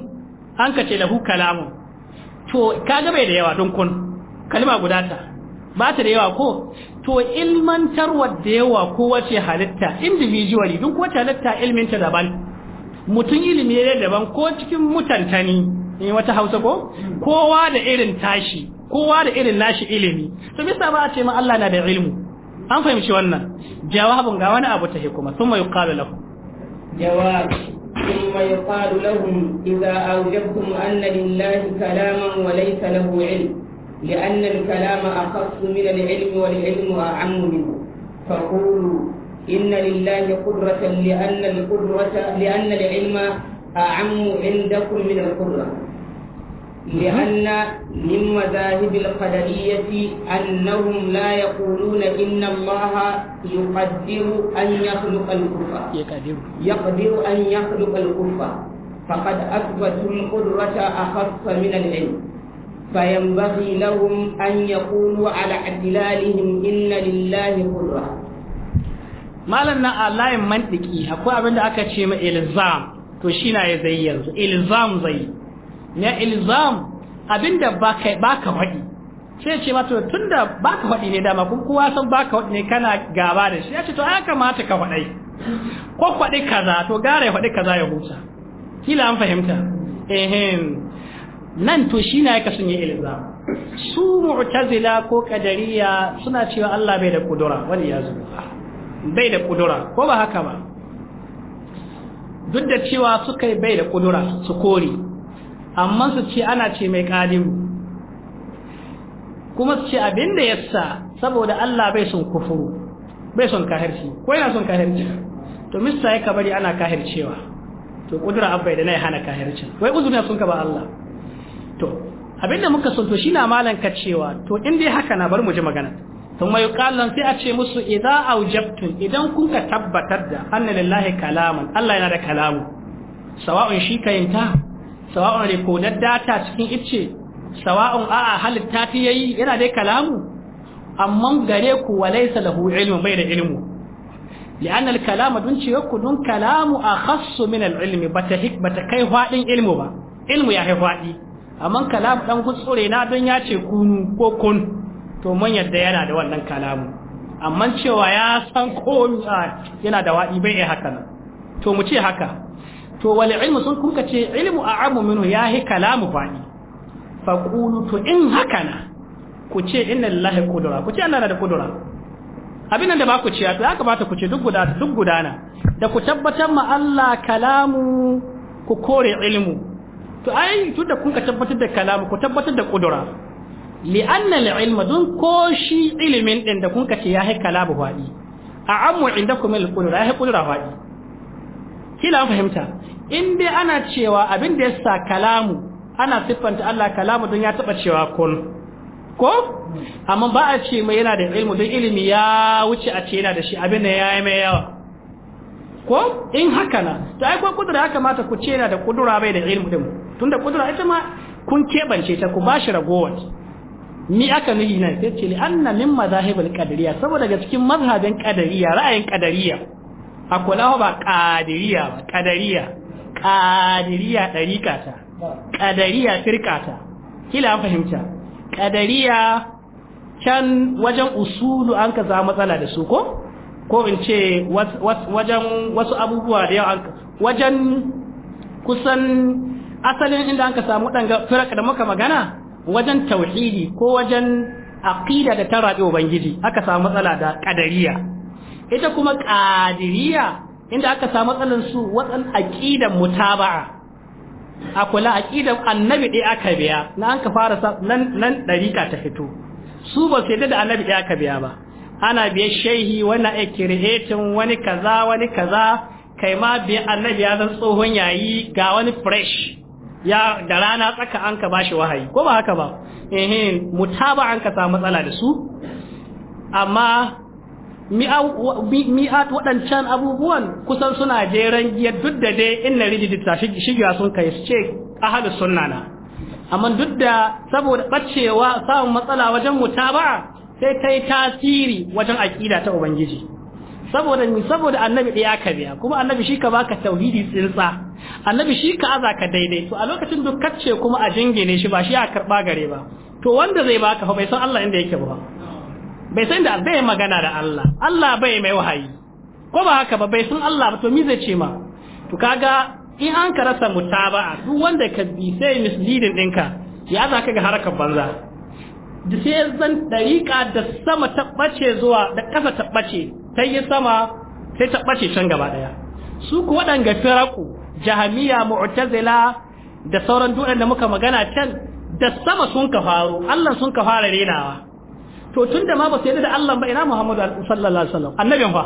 an ka ce lahu kalamu, to kaga bai da yawa don kun kalma guda ta ba ta da yawa ko to ilmantarwa da yawa wace halitta individually don wace halitta ilminta daban mutum ilimi ne daban ko cikin mutantani ne wata hausa ko kowa da irin tashi kowa da irin nashi ilimi to bisa ba a ce ma Allah na da ilmu an fahimci wannan jawabin ga wani abu ta hikuma sun mai yuqalu lahu jawab ثم يقال لهم إذا anna lillahi kalaman wa وليس lahu علم لأن الكلام أخص من العلم والعلم أعم منه فقولوا إن لله قدرة لأن القدرة لأن العلم أعم عندكم من القدرة لأن من مذاهب القدرية أنهم لا يقولون إن الله يقدر أن يخلق الكفة يقدر يقدر أن يخلق الكفة فقد أثبتوا القدرة أخص من العلم فينبغي لهم أن يكونوا على اعتلالهم إن لله قدرة ما لنا a layin mantiki akwai أكا تشيما إلزام توشينا ma ilzam to shi na ya zai yanzu ilzam zai na sai ce ma tun da ba ka faɗi ne dama kun kowa san ba ka faɗi ne kana gaba da shi ya ce to ya kamata ka faɗai ko faɗi kaza to gara ya faɗi kaza ya huta kila an fahimta ehem nan to shi na yaka sun yi ilza su mu'tazila ko kadariya suna cewa Allah bai da kudura wani ya zo bai da kudura ko ba haka ba duk da cewa suka bai da kudura su kore amma su ce ana ce mai kadiru kuma su ce abinda yasa saboda Allah bai son kufuru bai son kahirci ko yana son kahirci to mista ya bari ana kahircewa to kudura abbai da na ya hana kahircin wai uzuri sun ka ba Allah to abinda muka so to shi na malan ka cewa to in dai haka na bar mu ji magana sun mai kallon sai a ce musu idan aujabtun idan kun ka tabbatar da anna lillahi kalaman Allah yana da kalamu sawa'un shi kayinta sawa'un rikodar data cikin icce sawa'un a'a halitta ta yayi yana dai kalamu amma gare ku walaysa lahu ilmu bai da ilmu لأن الكلام دون شيوكو دون كلام أخص من العلم kai بتكي فاعل علمه با علم يا هفاعي amma kalam dan gutsure na don ya ce kunu ko kun to mun yadda yana da wannan kalamu amma cewa ya san ko yana da waɗi bai haka nan to mu ce haka to wal ilmu sun kuka ce ilmu a'amu minhu hi kalamu Fa kunu to in haka na ku ce inna lillahi qudura ku ce Allah na da qudura abin da ba ku ce ya kamata ku ce duk guda duk gudana da ku tabbatar ma Allah kalamu ku kore ilmu to ai tunda kun ka tabbatar da kalamu ku tabbatar da kudura li'anna al-ilma dun ko shi ilimin din da kun ka ce ya hai kalamu fadi a ammu indakum al-qudura ya hai kudura fadi kila fahimta in dai ana cewa abin da ya sa kalamu ana siffanta Allah kalamu dun ya taba cewa kun ko amma ba a ce mai yana da ilmi don ilimi ya wuce a ce yana da shi abin da ya yi mai yawa ko in haka na to ai ko kudura haka mata ku ce da kudura bai da ilmi din tunda kudura ita ma kun kebance ta ku bashi ragowar ni aka nuhi na sai ce anna min madhahibul qadariyya saboda daga cikin mazhabin qadariya ra'ayin qadariya akwai ba qadariya ba qadariya qadariya dariqa ta qadariyya firqa ta kila fahimta ƙadariya can wajen usulu an ka za matsala da su ko ko in ce wajen wasu abubuwa da yawa wajen kusan asalin inda an ka samu ɗan firaka da muka magana wajen tauhidi ko wajen aqida da ta rabi ubangiji aka samu matsala da kadariya ita kuma kadiriya inda aka samu matsalan su watsan aqidan mutaba'a a kula aqidan annabi ɗaya aka biya na an ka fara nan nan dariƙa ta fito su ba su yadda da annabi ɗaya aka biya ba ana biye shehi wannan a kirhetin wani kaza wani kaza kai ma biye annabi ya zan tsohon yayi ga wani fresh ya da rana tsaka an ka bashi wahayi ko ba haka ba eh mutaba an ka samu matsala da su amma mi'at waɗancan abubuwan kusan suna jeran giya duk da dai inna rigidi ta shigewa sun kai su ce a sunna na amma duk da saboda bacewa samun matsala wajen mutaba sai ta yi tasiri wajen aƙida ta ubangiji saboda ni saboda annabi ɗaya ka biya kuma annabi shi ka baka tauhidi tsintsa annabi shi ka aza ka daidai to a lokacin duk kacce kuma a jingine shi ba shi a karɓa gare ba to wanda zai baka fa bai san Allah inda yake ba bai san da bai magana da Allah Allah bai mai wahayi ko ba haka ba bai san Allah ba to mi zai ce ma to kaga in an ka rasa mutaba'a duk wanda ka bi sai misleading ɗinka ya za ka ga harakar banza da sai zan dariƙa da sama ta ɓace zuwa da ƙasa ta ɓace ta yi sama sai ta ɓace can gaba ɗaya su ku waɗanga firaku jahamiya mu'tazila da sauran duɗan da muka magana can da sama sun ka faru Allah sun ka fara renawa to tun da ma ba su yarda da Allah ba ina Muhammadu sallallahu alaihi wasallam annabin fa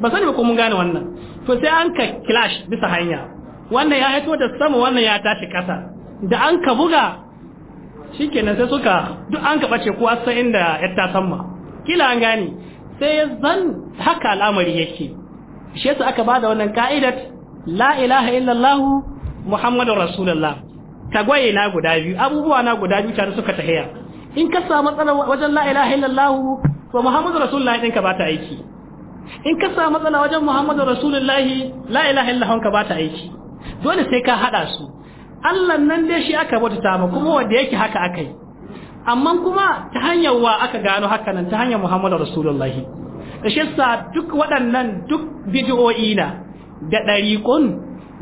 ba sani ba ko mun gane wannan to sai an ka clash bisa hanya wannan ya haito da sama wannan ya tashi ƙasa da an ka buga kenan sai suka duk an kaɓa ce kuwa sai inda yatta samma kila an gani. sai zan haka al'amari yake shi yasa aka bada wannan ka'idat la ilaha illallah muhammadur rasulullah tagwaye na guda biyu abubuwa na guda biyu tare suka tahiya in ka samu matsala wajen la ilaha illallah to muhammadur rasulullah din ka bata aiki in ka samu matsala wajen muhammadur rasulullah la ilaha illallah ka bata aiki dole sai ka hada su Allah nan dai shi aka bauta ma kuma wanda yake haka aka amma kuma ta hanyar wa aka gano haka nan ta hanyar Muhammadu rasulullahi da sa duk waɗannan duk bid'o'i na da ɗariƙun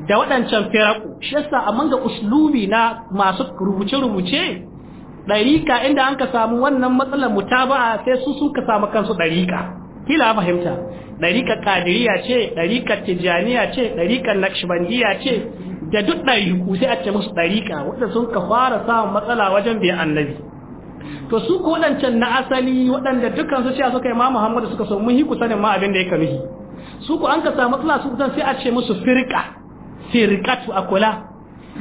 da waɗancan firaku shi sa amma ga uslubi na masu rubuce-rubuce ɗarika inda an ka samu wannan matsalar mutaba'a sai su sun samu kansu ɗarika. kila fahimta ɗarikar ƙadiriya ce ɗarikar tijjaniya ce ɗariƙar nakshbandiya ce da duk ku sai a ce musu ɗarika waɗanda sun ka fara samun matsala wajen biyan annabi to su ko waɗancan na asali waɗanda dukkan su cewa suka yi ma muhammadu suka so muhi ku sanin ma abin da ya kanuhi su ko an ka samu matsala su kusan sai a ce musu firka firkatu a kula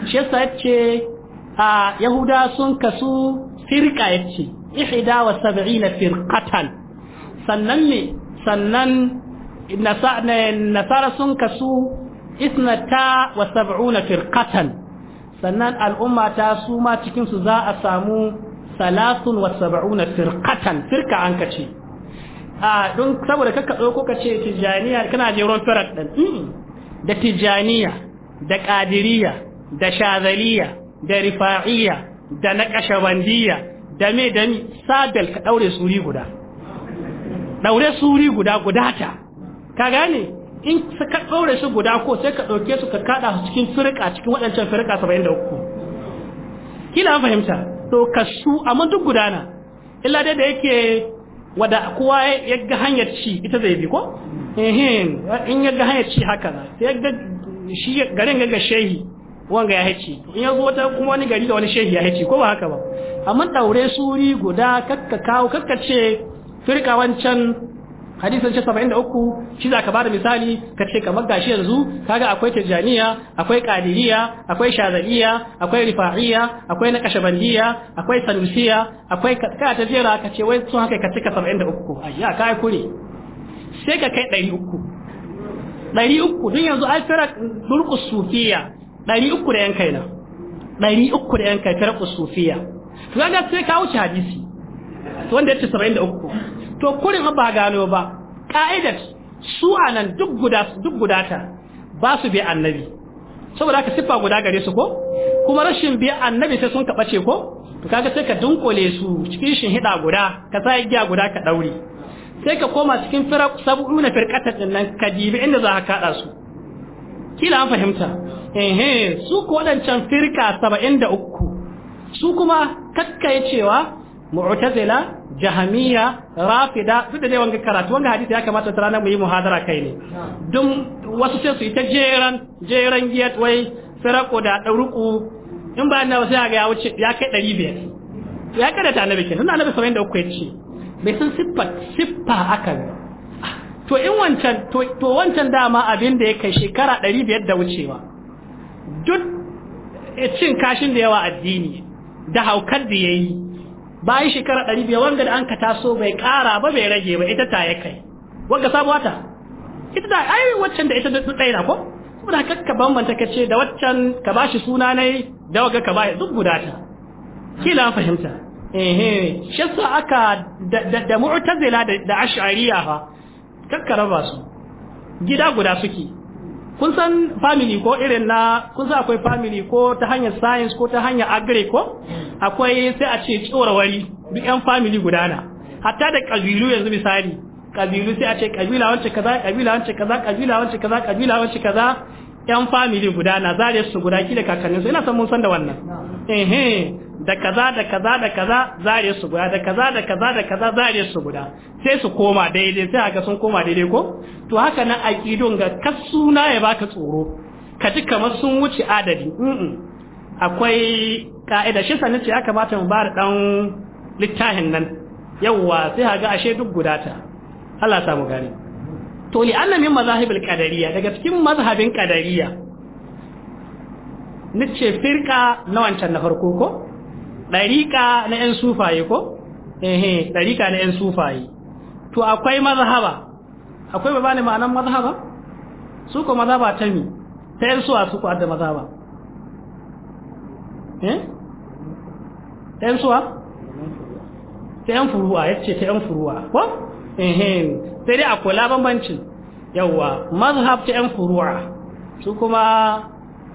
shi yasa ya ce a yahuda sun kasu firka ya ce ihida wa sab'ina firqatan sannan ne sannan nasara sun kasu isnata wa sab'una firqatan sannan al'umma ta su ma cikin su za a samu salasun wa sab'una firqatan firka an kace a don saboda kakka dauko kace tijaniya kana jeron firat din da tijaniya da Qadiriya, da shazaliya da Rifaiya, da naqashbandiyya da me da ni sadal ka daure suri guda daure suri guda gudata ka gane in ka ɗaure su guda ko sai ka ɗauke su ka kaɗa su cikin firka cikin waɗancan firka saba'in da uku kila an fahimta to ka su amma duk gudana illa dai da yake wada kowa ya ga hanyar ci ita zai bi ko in ya ga hanyar ci haka na sai ga shi garin ga shehi wanga ya haici in ya zo ta kuma wani gari da wani shehi ya haici ko ba haka ba amma ɗaure suri guda kakka kawo kakka ce firka wancan hadisin ce 73 shi zaka bada misali kace kamar gashi yanzu kaga akwai tijaniya akwai qadiriya akwai shazaliya akwai rifa'iyya akwai naqashbandiyya akwai sanusiya akwai ka ta jira kace wai sun haka ka cika 73 ayya kai kure sai ka kai 300 300 dun yanzu alfarat durqus sufiya 300 da yan na 300 da yan kai tarqus sufiya to kaga sai ka wuce hadisi wanda yace ce 73 to kurin ba gano ba ka'idat su anan duk guda duk gudata ba su bi annabi saboda ka siffa guda gare su ko kuma rashin bi annabi sai sun bace ko to kaga sai ka dunkule su cikin shin hida guda ka sai giya guda ka daure sai ka koma cikin firaq firkata din nan ka dibi inda za ka kada su kila an fahimta eh su ko wadancan firka 73 su kuma kakkai cewa mu'tazila jahamiya rafida duk da dai wanga karatu wanga hadisi ya kamata ta ranar mu yi muhadara kai ne dum wasu sai su ita jeran jeran giyat wai sarako da daruku in ba annabi sai ga ya wuce ya kai ɗari biyar ya kada ta annabi kenan annabi sai da uku yace ce bai san siffa siffa aka to in wancan to wancan dama abin da ya kai shekara ɗari biyar da wucewa duk cin kashin da yawa addini da haukar da ya yi bayan shekara ɗari biyar wanda da an ka taso bai ƙara ba bai rage ba ita ta ya kai wanda sabuwa ta ita da ai waccan da ita da ɗaya na ko saboda haka ka bambanta ka ce da waccan ka ba shi suna ne da waga ka ba duk guda ta kila an fahimta eh shi aka da mu'tazila da ash'ariya fa kakkara ba su gida guda suke kun san family ko irin na kun san akwai family ko ta hanyar science ko ta hanyar agri ko akwai sai a ce tsorawari duk yan family gudana hatta da kabilu yanzu misali kabilu sai a ce kabila wance kaza kabila wance kaza kabila wance kaza kabila wance kaza yan family gudana zare su guda ki da kakannin su ina san mun san da wannan eh eh da kaza da kaza da kaza zare su guda da kaza da kaza da kaza zare su guda sai su koma daidai sai haka sun koma daidai ko to haka nan aqidun ga kasuna ya baka tsoro ka ji kamar sun wuce adadi akwai ka'ida shi sanin ce aka mata mu bada dan littafin nan yawa sai haka ashe duk gudata Allah ya samu gani to li anna min mazahibil qadariyya daga cikin mazhabin qadariyya nace firka na wancan na farko ko ɗariƙa na 'yan sufaye ko? ehe ɗariƙa na 'yan sufaye to akwai mazhaba akwai ba bane ma'anan mazhaba su ko mazhaba ta mi ta 'yan suwa su ko adda mazhaba eh ta 'yan suwa ta 'yan furuwa ya ce ta 'yan furuwa ko? ehe sai dai akwai labambancin yawwa mazhab ta 'yan furuwa su kuma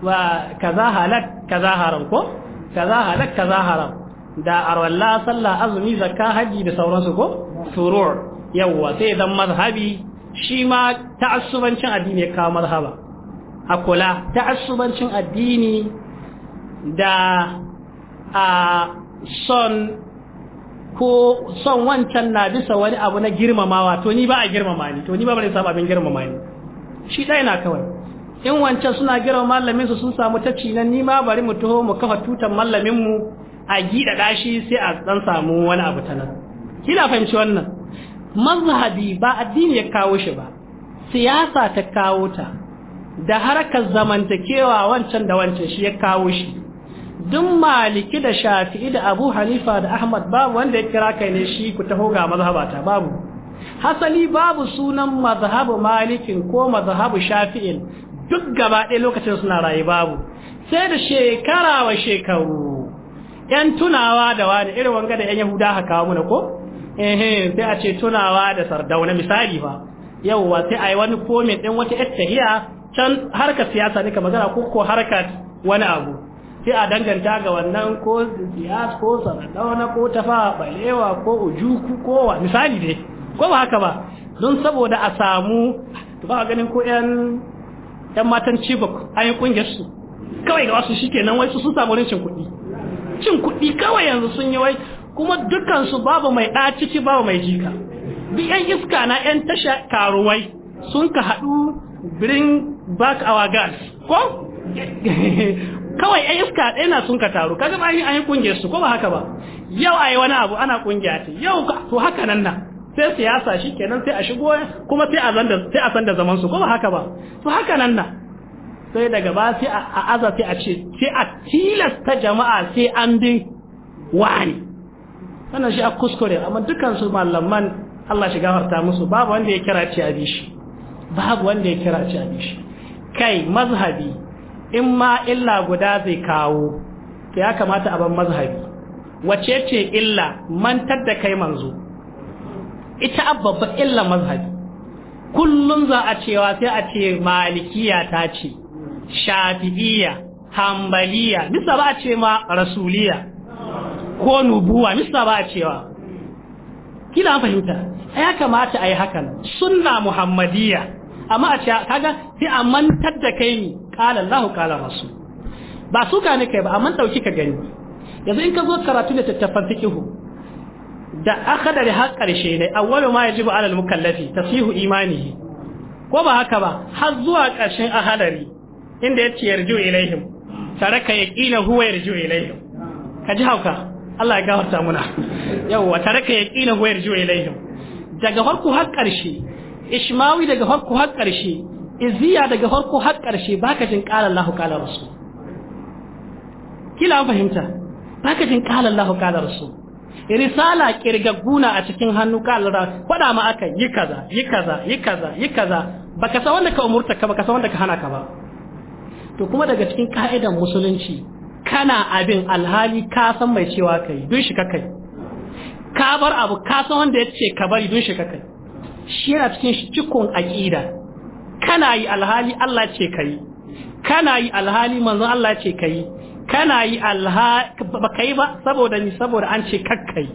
ba kaza halat kaza haram ko? kaza halak za haram da arwalla sallah azumi zakka hajji da sauransu ko furu' yawwa. sai dan mazhabi shi ma ta'assubancin addini ya kawo mazhaba a kula ta'assubancin addini da a son ko son wancan na bisa wani abu na girmamawa to ni ba a girmama ni to ni ba bane saba girmama ni shi ɗaya na kawai in wancan suna girma malamin su sun samu ta nan ni ma bari mu taho mu kafa tutan malamin mu a gida dashi sai a dan samu wani abu ta nan kina fahimci wannan mazhabi ba addini ya kawo shi ba siyasa ta kawo ta da harkar zamantakewa wancan da wancan shi ya kawo shi duk maliki da shafi'i da abu hanifa da ahmad babu wanda ya kira kai ne shi ku taho ga ta babu hasali babu sunan mazhabu malikin ko mazhabu shafi'in duk gaba ɗaya lokacin suna rayu babu sai da shekara wa shekaru yan tunawa da wani irin wanga da yan yahuda haka kawo muna ko eh sai a ce tunawa da sardauna misali ba yawwa sai a wani komin ɗin wata ittihiya can harkar siyasa ne ka magana ko ko harkar wani abu sai a danganta ga wannan ko siyasa ko sardauna ko tafa balewa ko ujuku ko wa misali dai ko ba haka ba don saboda a samu ba ganin ko ƴan. yan matan cibok an yi ƙungiyar su kawai ga wasu shikenan wai su sun samu cin kuɗi cin kuɗi kawai yanzu sun yi wai kuma dukkan su babu mai ɗa ciki babu mai jika Bi yan iska na yan tasha karuwai sun ka haɗu bring back our gas ko kawai yan iska ɗaya na sun ka taru kaga ba an yi ƙungiyar su ko ba haka ba yau a yi wani abu ana ƙungiya ce yau to haka nan na sai siyasa shi kenan sai a shigo kuma sai a zanda sai a san da zaman su kuma haka ba to haka nan na sai daga ba sai a aza sai a ce sai a tilasta jama'a sai an bi wani wannan shi a kuskure amma dukan su malaman Allah shi gafarta musu babu wanda ya kira ci abi shi babu wanda ya kira ci abi shi kai mazhabi in ma illa guda zai kawo to ya kamata a ban mazhabi wace ce illa mantar da kai manzo ita babba illa mazhabi kullum za a cewa sai a ce malikiya ta ce shafi'iyya hambaliya bisa ba a ce ma rasuliya ko nubuwa bisa ba a cewa kila an fahimta ya kamata a yi hakan sunna muhammadiya amma a cewa kaga sai a mantar da kai ne kala Allah kala rasu ba su ka ne kai ba amma ɗauki ka gani yanzu in ka zo karatu da tattafan fikihu da akadar har karshe ne awwalu ma yajibu alal mukallafi tasihu imanihi ko ba haka ba har zuwa karshen ahadari inda yace yarju ilaihim taraka yaqina huwa yarju ilaihim kaji hauka Allah ya gafarta muna yawa taraka yaqina huwa yarju ilaihim daga farko har karshe ishmawi daga farko har karshe iziya daga farko har karshe baka jin qala Allahu qala rasul kila fahimta baka jin qala Allahu qala rasul risala na a cikin hannu kallara faɗa ma aka yi kaza yi kaza yi kaza yi kaza baka san wanda ka umurta ka baka san wanda ka hana ka ba to kuma daga cikin ka'idan musulunci kana abin alhali ka san mai cewa kai dun shi kai ka bar abu ka san wanda ya ce ka bari dun shi kai shi yana cikin cikon aqida kana yi alhali Allah ce kai kana yi alhali manzon Allah ce kai kana yi alha baka yi ba saboda ni saboda an ce kakkai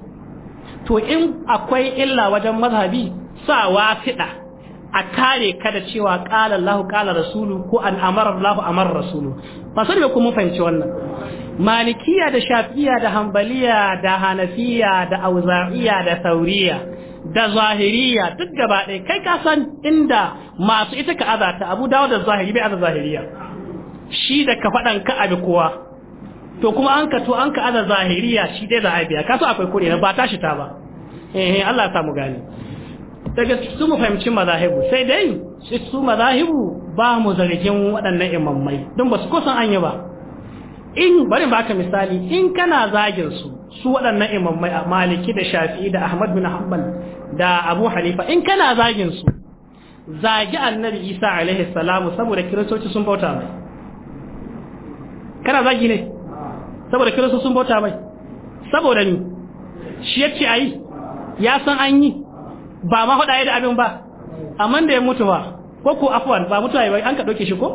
to in akwai illa wajen mazhabi sa wa fida a kare da cewa qala Allahu qala rasulu ko an amara Allahu amara rasulu ba sai da kuma fahimci wannan malikiya da shafiya da hanbaliya da hanafiya da auza'iya da sauriya da zahiriya duk gaba ɗaya kai ka san inda masu ita ka azata abu dawo da zahiri bai aza zahiriya shi da ka faɗan ka abi kowa to kuma an ka to an ka ana zahiriya shi dai za a biya kasu akwai na ba tashi ta ba eh, eh Allah samu gani daga su mu fahimci mazahibu sai dai su mazahibu ba mu zargin waɗannan imammai don ba su ko san anya ba in bari baka misali in kana zagin su su waɗannan imammai a maliki da shafi'i da ahmad bin hanbal da abu halifa in kana zagin su zagi annabi isa alaihi salamu saboda kiristoci sun bauta mai kana zagi ne saboda kiristo sun bauta mai saboda ni shi yace yi ya san an yi ba ma hada da abin ba amma da ya mutu ba ko ko afwan ba mutu ba an ka dauke shi ko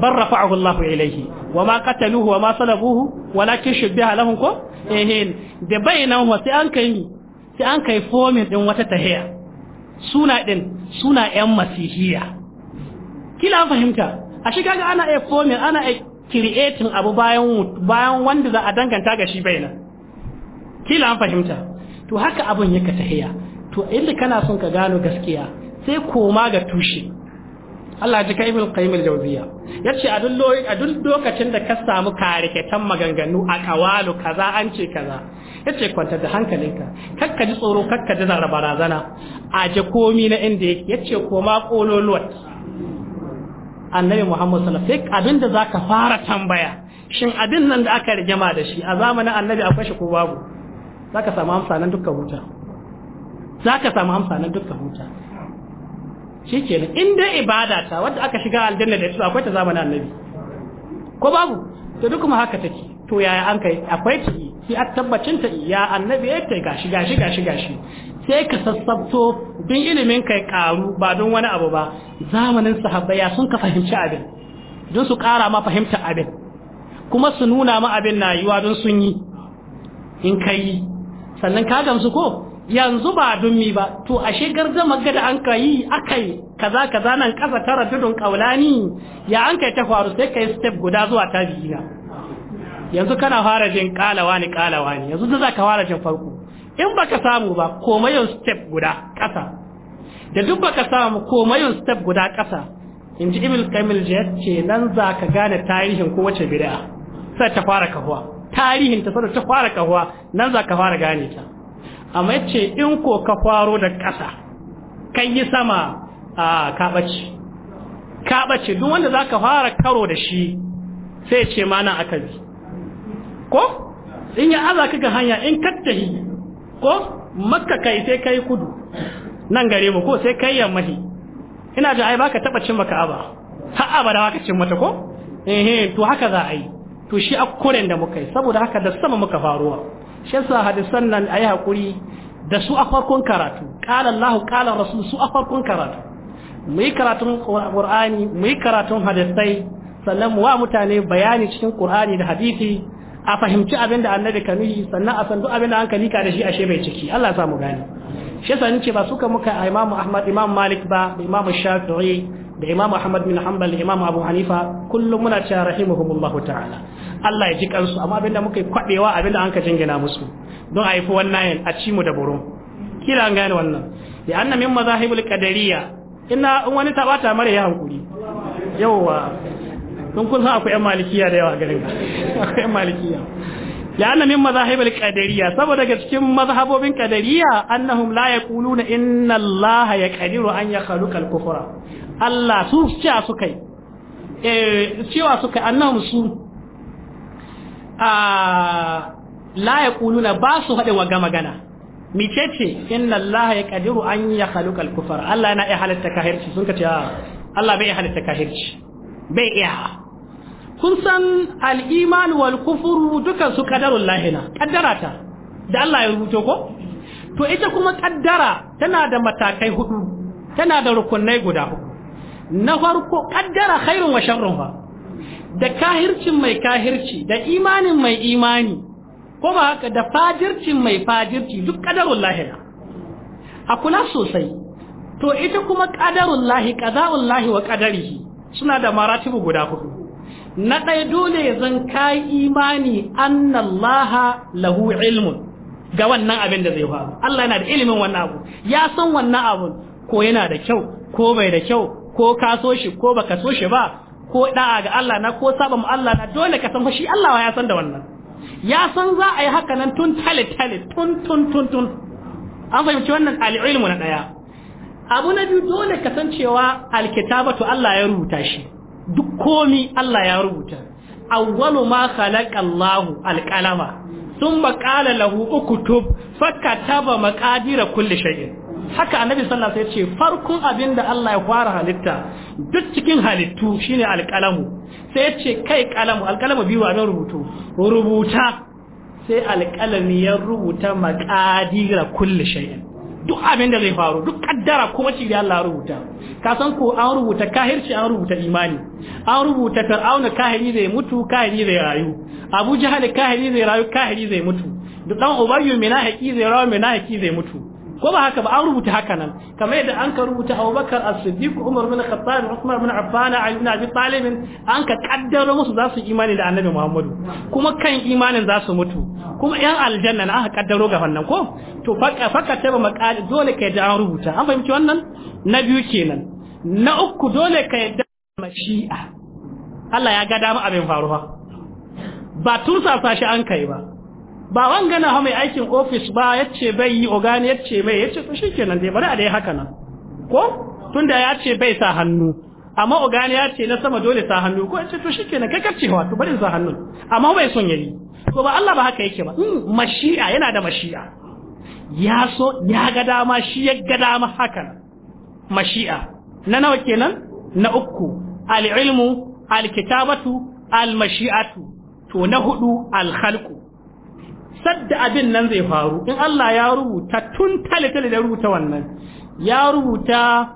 bar rafa'ahu Allahu ilayhi wa ma qataluhu wa ma salabuhu walakin shubbiha lahum ko eh da bayanan wa sai an kai sai an kai fomin din wata tahiya suna din suna yan masihiya kila fahimta a shi kaga ana iya fomin ana iya creating abu bayan bayan wanda za a danganta ga shi bai nan kila an fahimta to haka abun yake tahiya to inda kana son ka gano gaskiya sai koma ga tushe Allah ji kai bil qayyim al jawziya yace a duk a duk lokacin da ka samu kariketan maganganu a kawalu kaza an ce kaza yace kwanta da hankalinka kakka ji tsoro kakka ji zara barazana a komi na inda yake yace koma kololuwa annabi Muhammad sallallahu alaihi wasallam abinda zaka fara tambaya shin abin nan da aka rigima da shi a zamanin annabi akwai shi ko babu zaka samu amsa nan dukkan huta zaka samu amsa nan dukkan huta shikenan in dai ibada ta wanda aka shiga aljanna da ita akwai ta zamanin annabi ko babu to duk kuma haka take to yaya an kai akwai ta yi sai a tabbacin ta ya annabi ya ta gashi gashi gashi gashi sai ka sassabto don ilimin kai karu ba don wani abu ba zamanin ya sun ka fahimci abin don su kara ma fahimta abin kuma su nuna ma abin na yiwa don sun yi in ka sannan ka gamsu ko yanzu ba don mi ba to a shekar zama gada an ka yi akai kaza kaza nan kasa tara dudun kaulani ya an kai ta faru sai kai step guda zuwa ta biyu yanzu kana fara jin kalawa ni kalawa yanzu da za ka fara jin farko in baka samu ba komayon step guda ƙasa da duk baka samu komayon step guda ƙasa in ji ibn kamil jihar ce nan za ka gane tarihin ko wace bid'a sai ta fara kahuwa tarihin ta sai ta fara kahuwa nan za ka fara gane ta amma ce in ko ka faro da ƙasa kan yi sama a kaɓaci kaɓace duk wanda za ka fara karo da shi sai ce mana aka bi ko in ya aza ka ga hanya in kattahi ko makka kai sai kai kudu nan gare mu ko sai kai yammahi ina jin ai baka taba cin maka aba har abada baka cin mata ko eh to haka za a yi to shi akuren da muka yi saboda haka da sama muka faruwa shi yasa hadisan nan ayi hakuri da su a farkon karatu qala Allah qala rasul su a farkon karatu mu yi karatun qur'ani mu yi karatun hadisai sannan mu wa mutane bayani cikin qur'ani da hadisi a fahimci abin da annabi ka nuhi sannan a san duk abin da hankali ka da shi ashe bai ciki Allah ya mu gani shi yasa nace ba suka muka a Imam Ahmad Imam Malik ba da Imam Shafi'i da Imam Ahmad bin Hanbal da Imam Abu Hanifa kullum muna cewa rahimahumullah ta'ala Allah ya ji kansu amma abin da muka kwadewa abin da ka jingina musu don a yi fi wannan a ci mu da burun kila an gane wannan ya anna min mazahibul qadariyya ina wani tabata mare ya hankuri yawa sun kun san akwai 'yan malikiya da yawa garin akwai 'yan malikiya ya na kadariya saboda ga mazahabobin kadariya annahum la ya inna Allah ya kadiru an ya kalu kalkufura Allah su cewa eh, su kai cewa su kai annahum su a la ya kulu na ba su haɗin waga magana mikece inna Allah ya kadiru an ya kalu kalkufura Allah yana iya halitta kahirci sun ka ah, Allah bai iya halitta kahirci bai kun san al'iman iman wal kufru su kadarun lahina ta da Allah ya rubuto ko to ita kuma kaddara tana da matakai hudu tana da rukunai guda hudu na farko kaddara khairun wa sharrun fa da kahircin mai kahirci da imanin mai imani ko ba haka da fajircin mai fajirci duk kadarun lahina. a kula sosai to ita kuma kadarun lahi kaza'un lahi wa qadarihi suna da maratibu guda hudu na ɗaya dole zan kai imani annallaha lahu ilmun ga wannan abin da zai faru Allah yana da ilimin wannan abu ya san wannan abun ko yana da kyau ko bai da kyau ko ka so shi ko baka so shi ba ko da'a ga Allah na ko saba mu Allah na dole ka san shi Allah ya san da wannan ya san za a yi haka nan tun tale tale tun tun tun tun an fahimci wannan al na daya abu na biyu dole ka san cewa alkitabatu Allah ya rubuta shi duk komi Allah ya rubuta awwalu ma khalaqa Allahu alqalama thumma qala lahu uktub fakataba maqadira kulli shay'in haka annabi sallallahu alaihi wasallam ya ce farkon abinda Allah ya fara halitta duk cikin halittu shine alqalamu sai ya ce kai kalamu alqalamu biyu a rubutu rubuta sai alqalami ya rubuta maqadira kulli shay'in duk abin da zai faru duk kaddara kuma wace da Allah rubuta ka san ko an rubuta kahirci an rubuta imani an rubuta fir'auna kahiri zai mutu kahiri zai rayu abu jahal kahiri zai rayu kahiri zai mutu duk dan ubayyu mina haqi zai rayu mina zai mutu ko ba haka ba an rubuta haka nan kamar yadda an ka rubuta Abubakar As-Siddiq Umar bin Khattab Uthman bin Affan Ali bin Abi Talib an ka kaddara musu za su imani da Annabi Muhammadu kuma kan imanin za su mutu kuma yan aljanna an ka kaddaro ga wannan ko to faka faka ta ba makali dole kai da an rubuta an fahimci wannan na biyu kenan na uku dole kai da mashi'a Allah ya ga dama abin faruwa ba tursa sashi an kai ba ba gana ha mai aikin ofis ba ya ce bai yi ogani ya ce mai ce to shikenan dai bari a dai haka nan ko tunda ya ce bai sa hannu amma ogani ya ce na sama dole sa hannu ko ya ce to shikenan kai kace wa to bari sa hannun amma bai son yayi to ba Allah ba haka yake ba hmm, mashi'a yana da mashi'a ya so ya ga dama shi ya ga dama haka mashi'a na nawa kenan na uku al-ilmu al-kitabatu al-mashi'atu to na hudu al-khalqu sadda abin nan zai faru in Allah ya rubuta tun tale-tale da rubuta wannan ya rubuta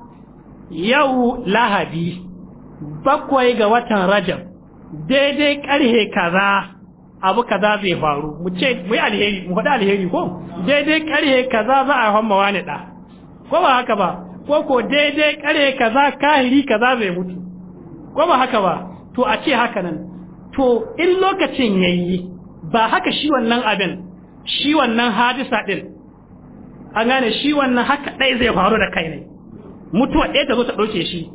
yau lahadi bakwai ga watan rajab daidai karhe kaza abu kaza zai faru mu ce mu yi alheri mu faɗi alheri ko daidai karhe kaza za a hamma wani ɗa ko ba haka ba ko ko daidai karhe kaza kahiri kaza zai mutu ko ba haka ba to a ce haka nan to in lokacin yayi ba haka shi wannan abin shi wannan hadisa din an gane shi wannan haka ɗaya zai faru da kai ne mutuwa ɗaya ta zo ta ɗauke shi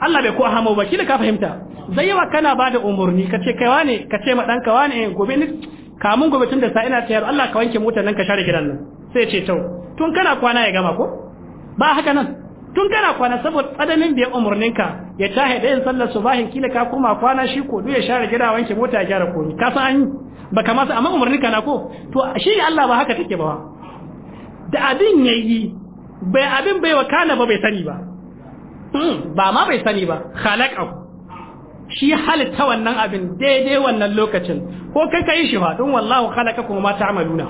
Allah bai ko hamo ba kila ka fahimta zai yawa kana ba da umarni ka ce kaiwa ne ka ce ma ɗanka wa ne eh, gobe ni kamun gobe tun da sa ina tayar Allah ka wanke mota nan ka share gidan nan sai ce tau tun kana kwana ya gama ko ba haka nan tun kana kwana saboda tsananin umarnin umarninka ya tahe da yin sallar subahin kila ka koma kwana shi ko ya share gida wanke mota ya gyara komi ka san an yi ba ka masa amma umarninka na ko to shi Allah ba haka take ba da abin yayi bai abin bai wa kana ba bai sani ba hmm, ba ma bai sani ba khalaqahu shi halitta wannan abin daidai wannan lokacin ko kai ka yi shi don wallahu khalaqakum ma ta'maluna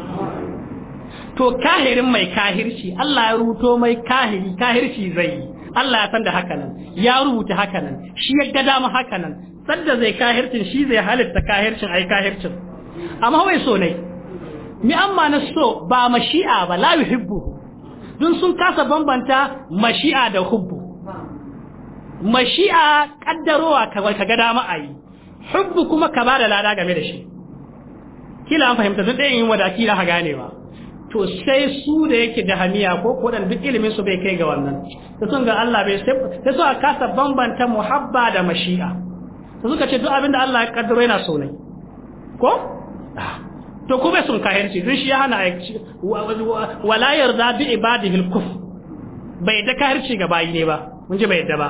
to kahirin mai kahirci Allah ya rubuto mai kahiri kahirci zai yi Allah ya san da hakanan ya rubuta hakanan shi ya ga dama hakanan sanda zai kahircin shi zai halitta kahircin ai kahircin amma wai so ne mi amma na so ba mashi'a ba la yuhibbu dun sun kasa bambanta mashi'a da hubbu mashi'a kaddarowa ka ga dama ayi hubbu kuma ka ba da lada game da shi kila an fahimta duk ɗayan yin wadaki da ha ganewa to sai su da yake hamiya ko kodan duk ilimin su bai kai ga wannan da sun ga Allah bai sai su kasa bambanta muhabba da mashi'a su suka ce duk abinda Allah ya kaddaro yana so ne ko to ko bai sun kai shi shi ya hana wala yarda bi ibadihi al-kuf bai da kahirci ga bayi ne ba mun ji bai yadda ba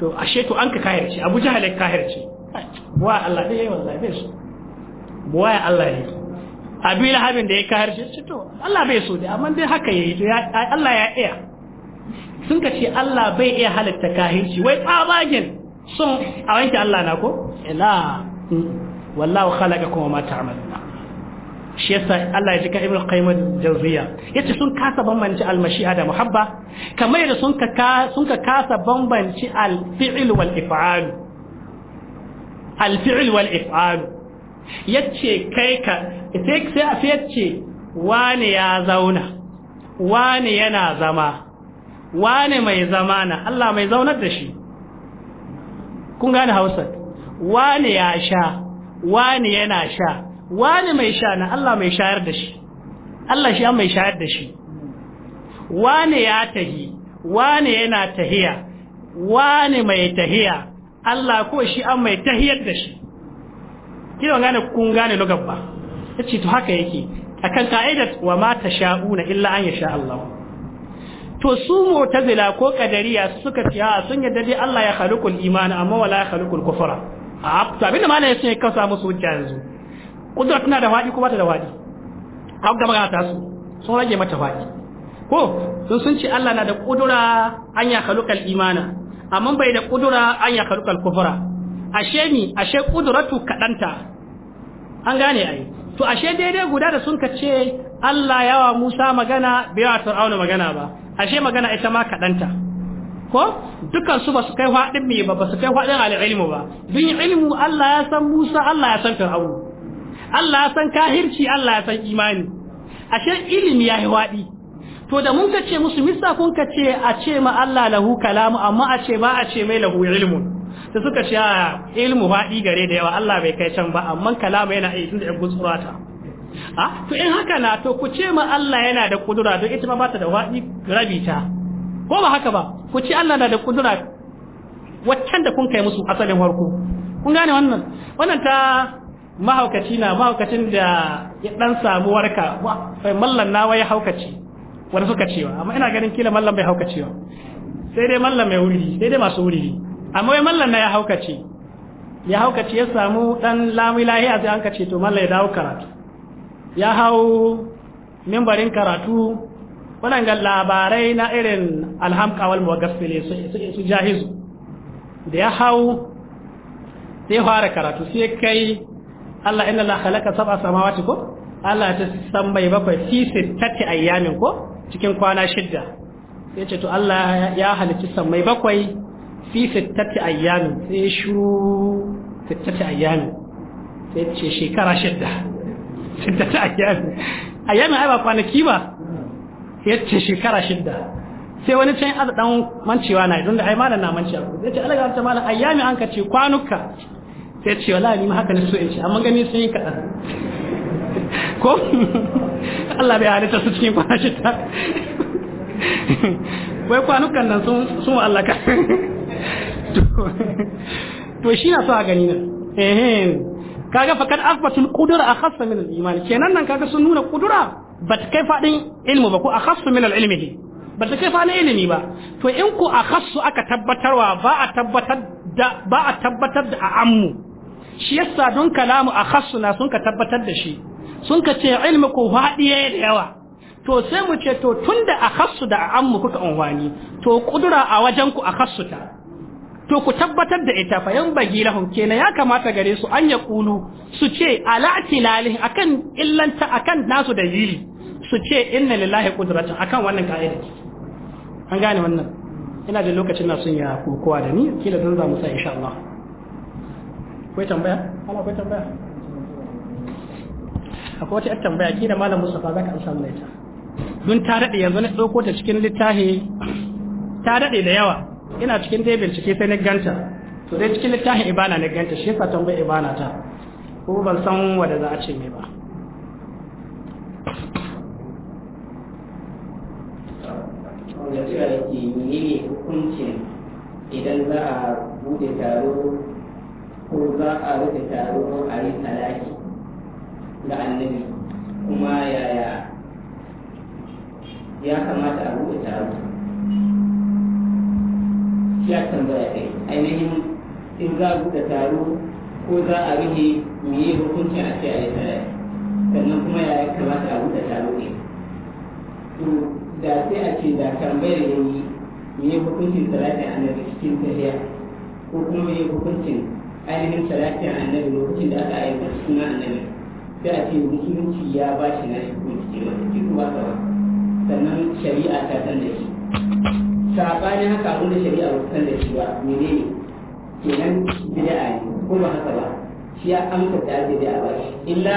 to ashe to an ka kahirci Abu Jahal kahirci wa Allah dai wallahi bai so wa Allah ya yi abi lahabin da ya ka harshe shi to Allah bai so da amma dai haka yayi to Allah ya iya sun ka ce Allah bai iya halitta kahirci wai tsabagen sun a wanke Allah na ko ila wallahu khalaqakum wa ma ta'maluna shi yasa Allah ya ji ka Ibn Qayyim al-Jawziya yace sun kasa bambanci al-mashi'a da muhabba kamar da sun ka sun ka kasa bambanci al-fi'l wal if'al al wal if'al yace kai ka sai sai yace wane ya zauna wane yana zama wane mai zamana Allah mai zaunar da shi kun gane Hausa wane ya sha wane yana sha wane mai sha na Allah mai shayar da shi Allah shi an mai shayar da shi wane ya tahi wane yana tahiya wane mai tahiya Allah ko shi an mai tahiyar da shi kina gane kun gane lugar ba yace to haka yake akan ka'idat wa ma tasha'una illa an yasha Allah to su mu'tazila ko qadariya suka ce a sun yadda dai Allah ya al iman amma wala ya al kufra a to abinda malai sun kasa musu hujja yanzu kudura tana da wadi kuma ta da wadi har gaba ta su sun rage mata wadi ko sun sun ce Allah na da kudura an ya al imana amma bai da kudura an ya al kufra ashe ni ashe kuduratu kadanta an gane ai to ashe daidai guda da sun kace Allah ya yawa Musa magana bai wa Fir'auna magana ba ashe magana ita ma kadanta ko dukan su basu kai hadin me ba basu kai hadin al-ilmu ba bin ilmu Allah ya san Musa Allah ya san Fir'auna Allah ya san kahirci Allah ya san imani ashe ilimi ya wadi to da mun kace musu misa kun kace a ce ma Allah lahu kalamu amma a ce ba a ce mai lahu ilmun Da suka sha a ah, ilmu faɗi gare da yawa Allah bai kai can ba amma kalama yana tun da yan gutsurata a ah, to in haka na to ku ce ma Allah yana da kudura don ita ma bata da faɗi rabi ta ko ba haka ba ku ce Allah na da kudura waccan da kun kai musu asalin farko kun gane wannan wannan ta mahaukaci na mahaukacin da ya dan samu warka fa mallan nawa ya haukaci wanda suka cewa amma ina ganin kila mallan bai haukacewa sai dai mallan mai wuri sai dai masu wuri amma wai mallan na ya haukace ya haukace ya samu dan lamu lahiya sai an kace to mallan ya dawo karatu ya hau membarin karatu waɗanda labarai na irin alhamkawal muwaggafile su jahizu da ya hau sai fara karatu sai kai Allah inna la khalaqa sab'a samawati ko Allah ta san bai bakwai fi sittati ayyamin ko cikin kwana shidda yace to Allah ya halicci sammai bakwai fi sittati ayyamin sai shuru sittati ayyamin sai ce shekara shidda sittati ayyamin ayyamin ai ba kwanaki ba ce shekara shidda sai wani can aza dan mancewa na idan da ai malam na mancewa zai ce alaga ta malam ayyami an ka ce kwanuka sai ce wallahi ni ma haka ne so in ce amma gani sun yi kaɗan ko Allah bai halitta su cikin kwana shidda wai kwanukan nan sun sun Allah ka to shi na sa a gani na eh kaga fakat asbatul qudra akhassa min al-iman kenan nan kaga sun nuna qudra bat kai fadin ilmu ba ko akhassu min al-ilmi bat ta kai fadin ilmi ba to in ko akhassu aka tabbatarwa ba a tabbatar da ba a tabbatar da ammu shi yasa don kalamu akhassu na sun ka tabbatar da shi sun ka ce ilmi ko fadiye da yawa to sai mu ce to tunda akhassu da ammu kuka unwani to qudra a wajen ku akhassu ta to ku tabbatar da ita fa yan bagi lahum kenan ya kamata gare su an ya kulu su ce ala tilalihi akan illanta akan nasu dalili su ce inna lillahi qudratan akan wannan kaida an gane wannan ina da lokacin na sun ya kokowa da ni kila zan za mu sa insha Allah akwai tambaya ana akwai tambaya akwai wata tambaya kila malam Mustafa zaka insha Allah ita Dun ta dade yanzu na dauko ta cikin littafi ta dade da yawa ina cikin dai bincike sai na ganta to dai cikin littafin ibana na ganta shi yasa tambayi ibana ta ko ban san wanda za a ce mai ba wanda cewa da yake menene hukuncin idan za a bude taro ko za a rufe taro a yi talaki da annabi kuma yaya ya kamata a bude taro ya tambaya kai ainihin in za a buɗe taro ko za a rufe mu yi hukunci a ce a yi tare sannan kuma ya kamata a buɗe taro ne to da sai a ce da tambayar ya yi mu yi hukuncin salatin annabi cikin tafiya ko kuma mu yi hukuncin ainihin salatin annabi lokacin da aka aika suna annabi sai a ce musulunci ya ba shi na shi hukunci wata cikin ba sannan shari'a ta san da shi sabani haka abin da shari'a ba da shi ba menene kenan bid'a ne ko ba haka ba shi ya amsa da bid'a ba illa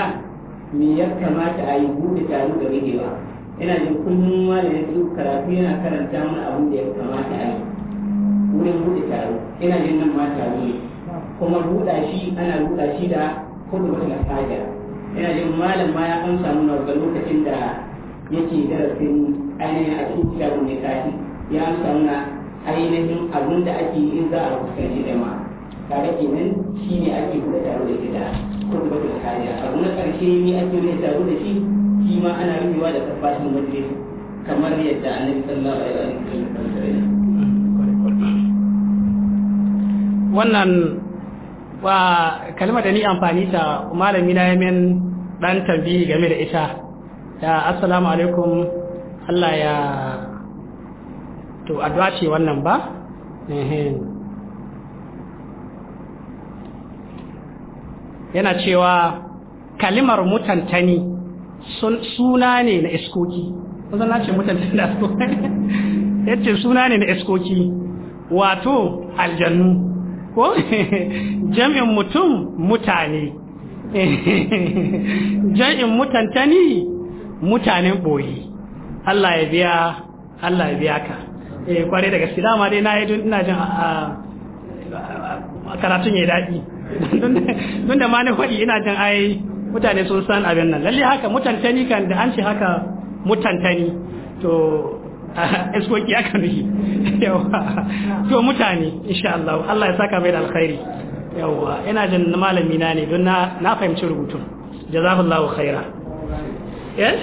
me ya kamata a yi buɗe taro da ba ina jin kullum da ya zo karatu yana karanta mana abin da ya kamata a yi wurin buɗe taro ina jin nan ma taro ne kuma buɗa shi ana buɗa shi da kudu da a hajar ina jin malam ma ya amsa mana ga lokacin da yake darasin ainihin a cikin shagon ne kashi ya sanna ainihin abin da ake in za a rufe da jama'a kaga kenan shi ne ake buɗe taro da ko da kurba da kariya abu na ƙarshe ne ake ne taro da shi shi ma ana rufewa da tabbatin majalis kamar yadda annabi sallallahu alaihi wasallam wannan ba kalmar da ni amfani ta malami na yamin dan tambayi game da ita da assalamu alaikum Allah ya to addu'a ce wannan ba yana cewa kalimar mutantani suna ne na iskoki Wanzan na ce mutantani da yace suna ne na iskoki wato aljannu ko jami'in mutum mutane jami'in mutantani mutanen boye Allah ya biya Allah ya biya ka eh kware da gaske dama dai na yi don ina jin ah, ah, karatun ya daɗi don da ma na faɗi ina jin ai mutane sun san abin nan lalle haka ni kan da an ce haka ni to ah, iskoki aka nuhi yawa to mutane insha Allah Allah ya saka mai da alkhairi yawa ina jin malami na ne don na fahimci rubutun jazakallahu khaira yes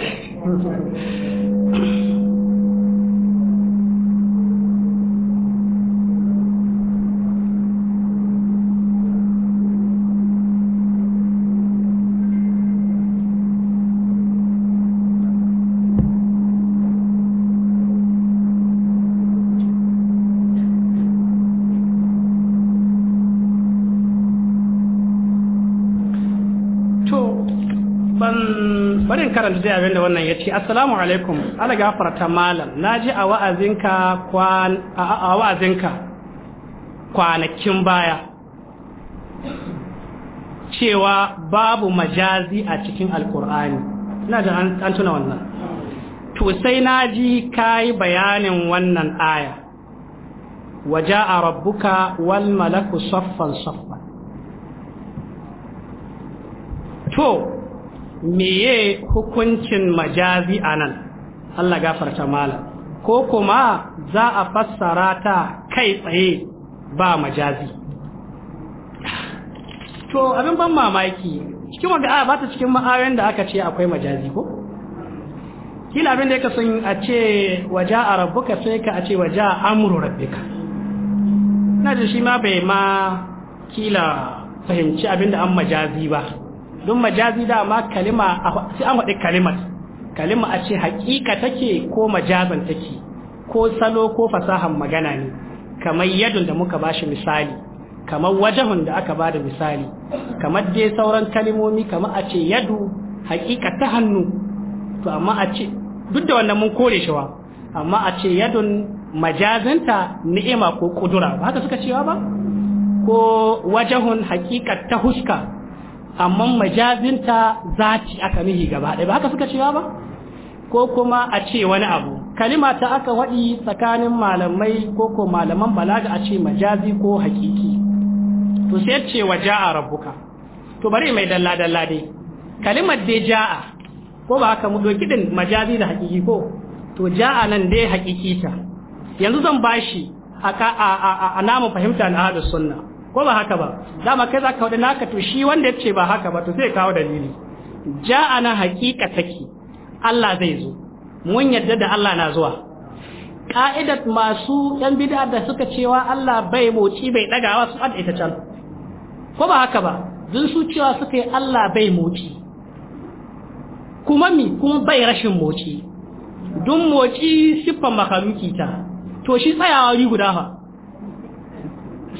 karanta dai abinda wannan ya ce assalamu alaikum ala gafarta malam na ji a wa'azinka a wa'azinka kwanakin baya cewa babu majazi a cikin alkur'ani ina da an tuna wannan to sai na ji kayi bayanin wannan aya a rabbuka wal malaku saffan saffan to meye hukuncin majazi anan Allah gafarta malam ko kuma za a fassara ta kai tsaye ba majazi to abin ban mamaki cikin wanda a ba ta cikin ma'ayen da aka ce akwai majazi ko kila abin da yake son a ce waja a rabbuka sai ka a ce waja amru rabbika na ji shi ma bai ma kila fahimci abin da an majazi ba don majazi dama kalima sai an faɗi kalimar kalima a ce haƙiƙa take ko majazan take ko salo ko fasahan magana ne kamar yadun da muka bashi misali kamar wajahun da aka bada misali kamar dai sauran kalimomi kamar a ce yadu haƙiƙa ta hannu to amma a ce duk da wannan mun kore shi wa amma a ce yadun majazanta ni'ima ko kudura ba haka suka cewa ba ko wajahun haƙiƙa ta huska amma majazinta za ci aka mihi gaba ɗaya ba haka suka cewa ba ko kuma a ce wani abu kalima ta aka waɗi tsakanin malamai ko ko malaman balaga a ce majazi ko hakiki to sai ce wa ja'a rabbuka to bari mai dalla dalla dai kalimar dai ja'a ko ba haka mu doki din majazi da hakiki ko to ja'a nan dai hakiki ta yanzu zan bashi a a a, a, namu fahimta na ahlus sunna ko ba haka ba dama kai zaka wada naka to shi wanda yace ba haka ba to zai kawo dalili ja'a na haqiqa take Allah zai zo mun yadda da Allah na zuwa ka'idat masu yan bid'a da suka cewa Allah bai moci bai dagawa su adda ita can ko ba haka ba dun su cewa suka yi Allah bai moci kuma mi kuma bai rashin moci dun moci siffan makaruki ta to shi tsayawa wuri guda fa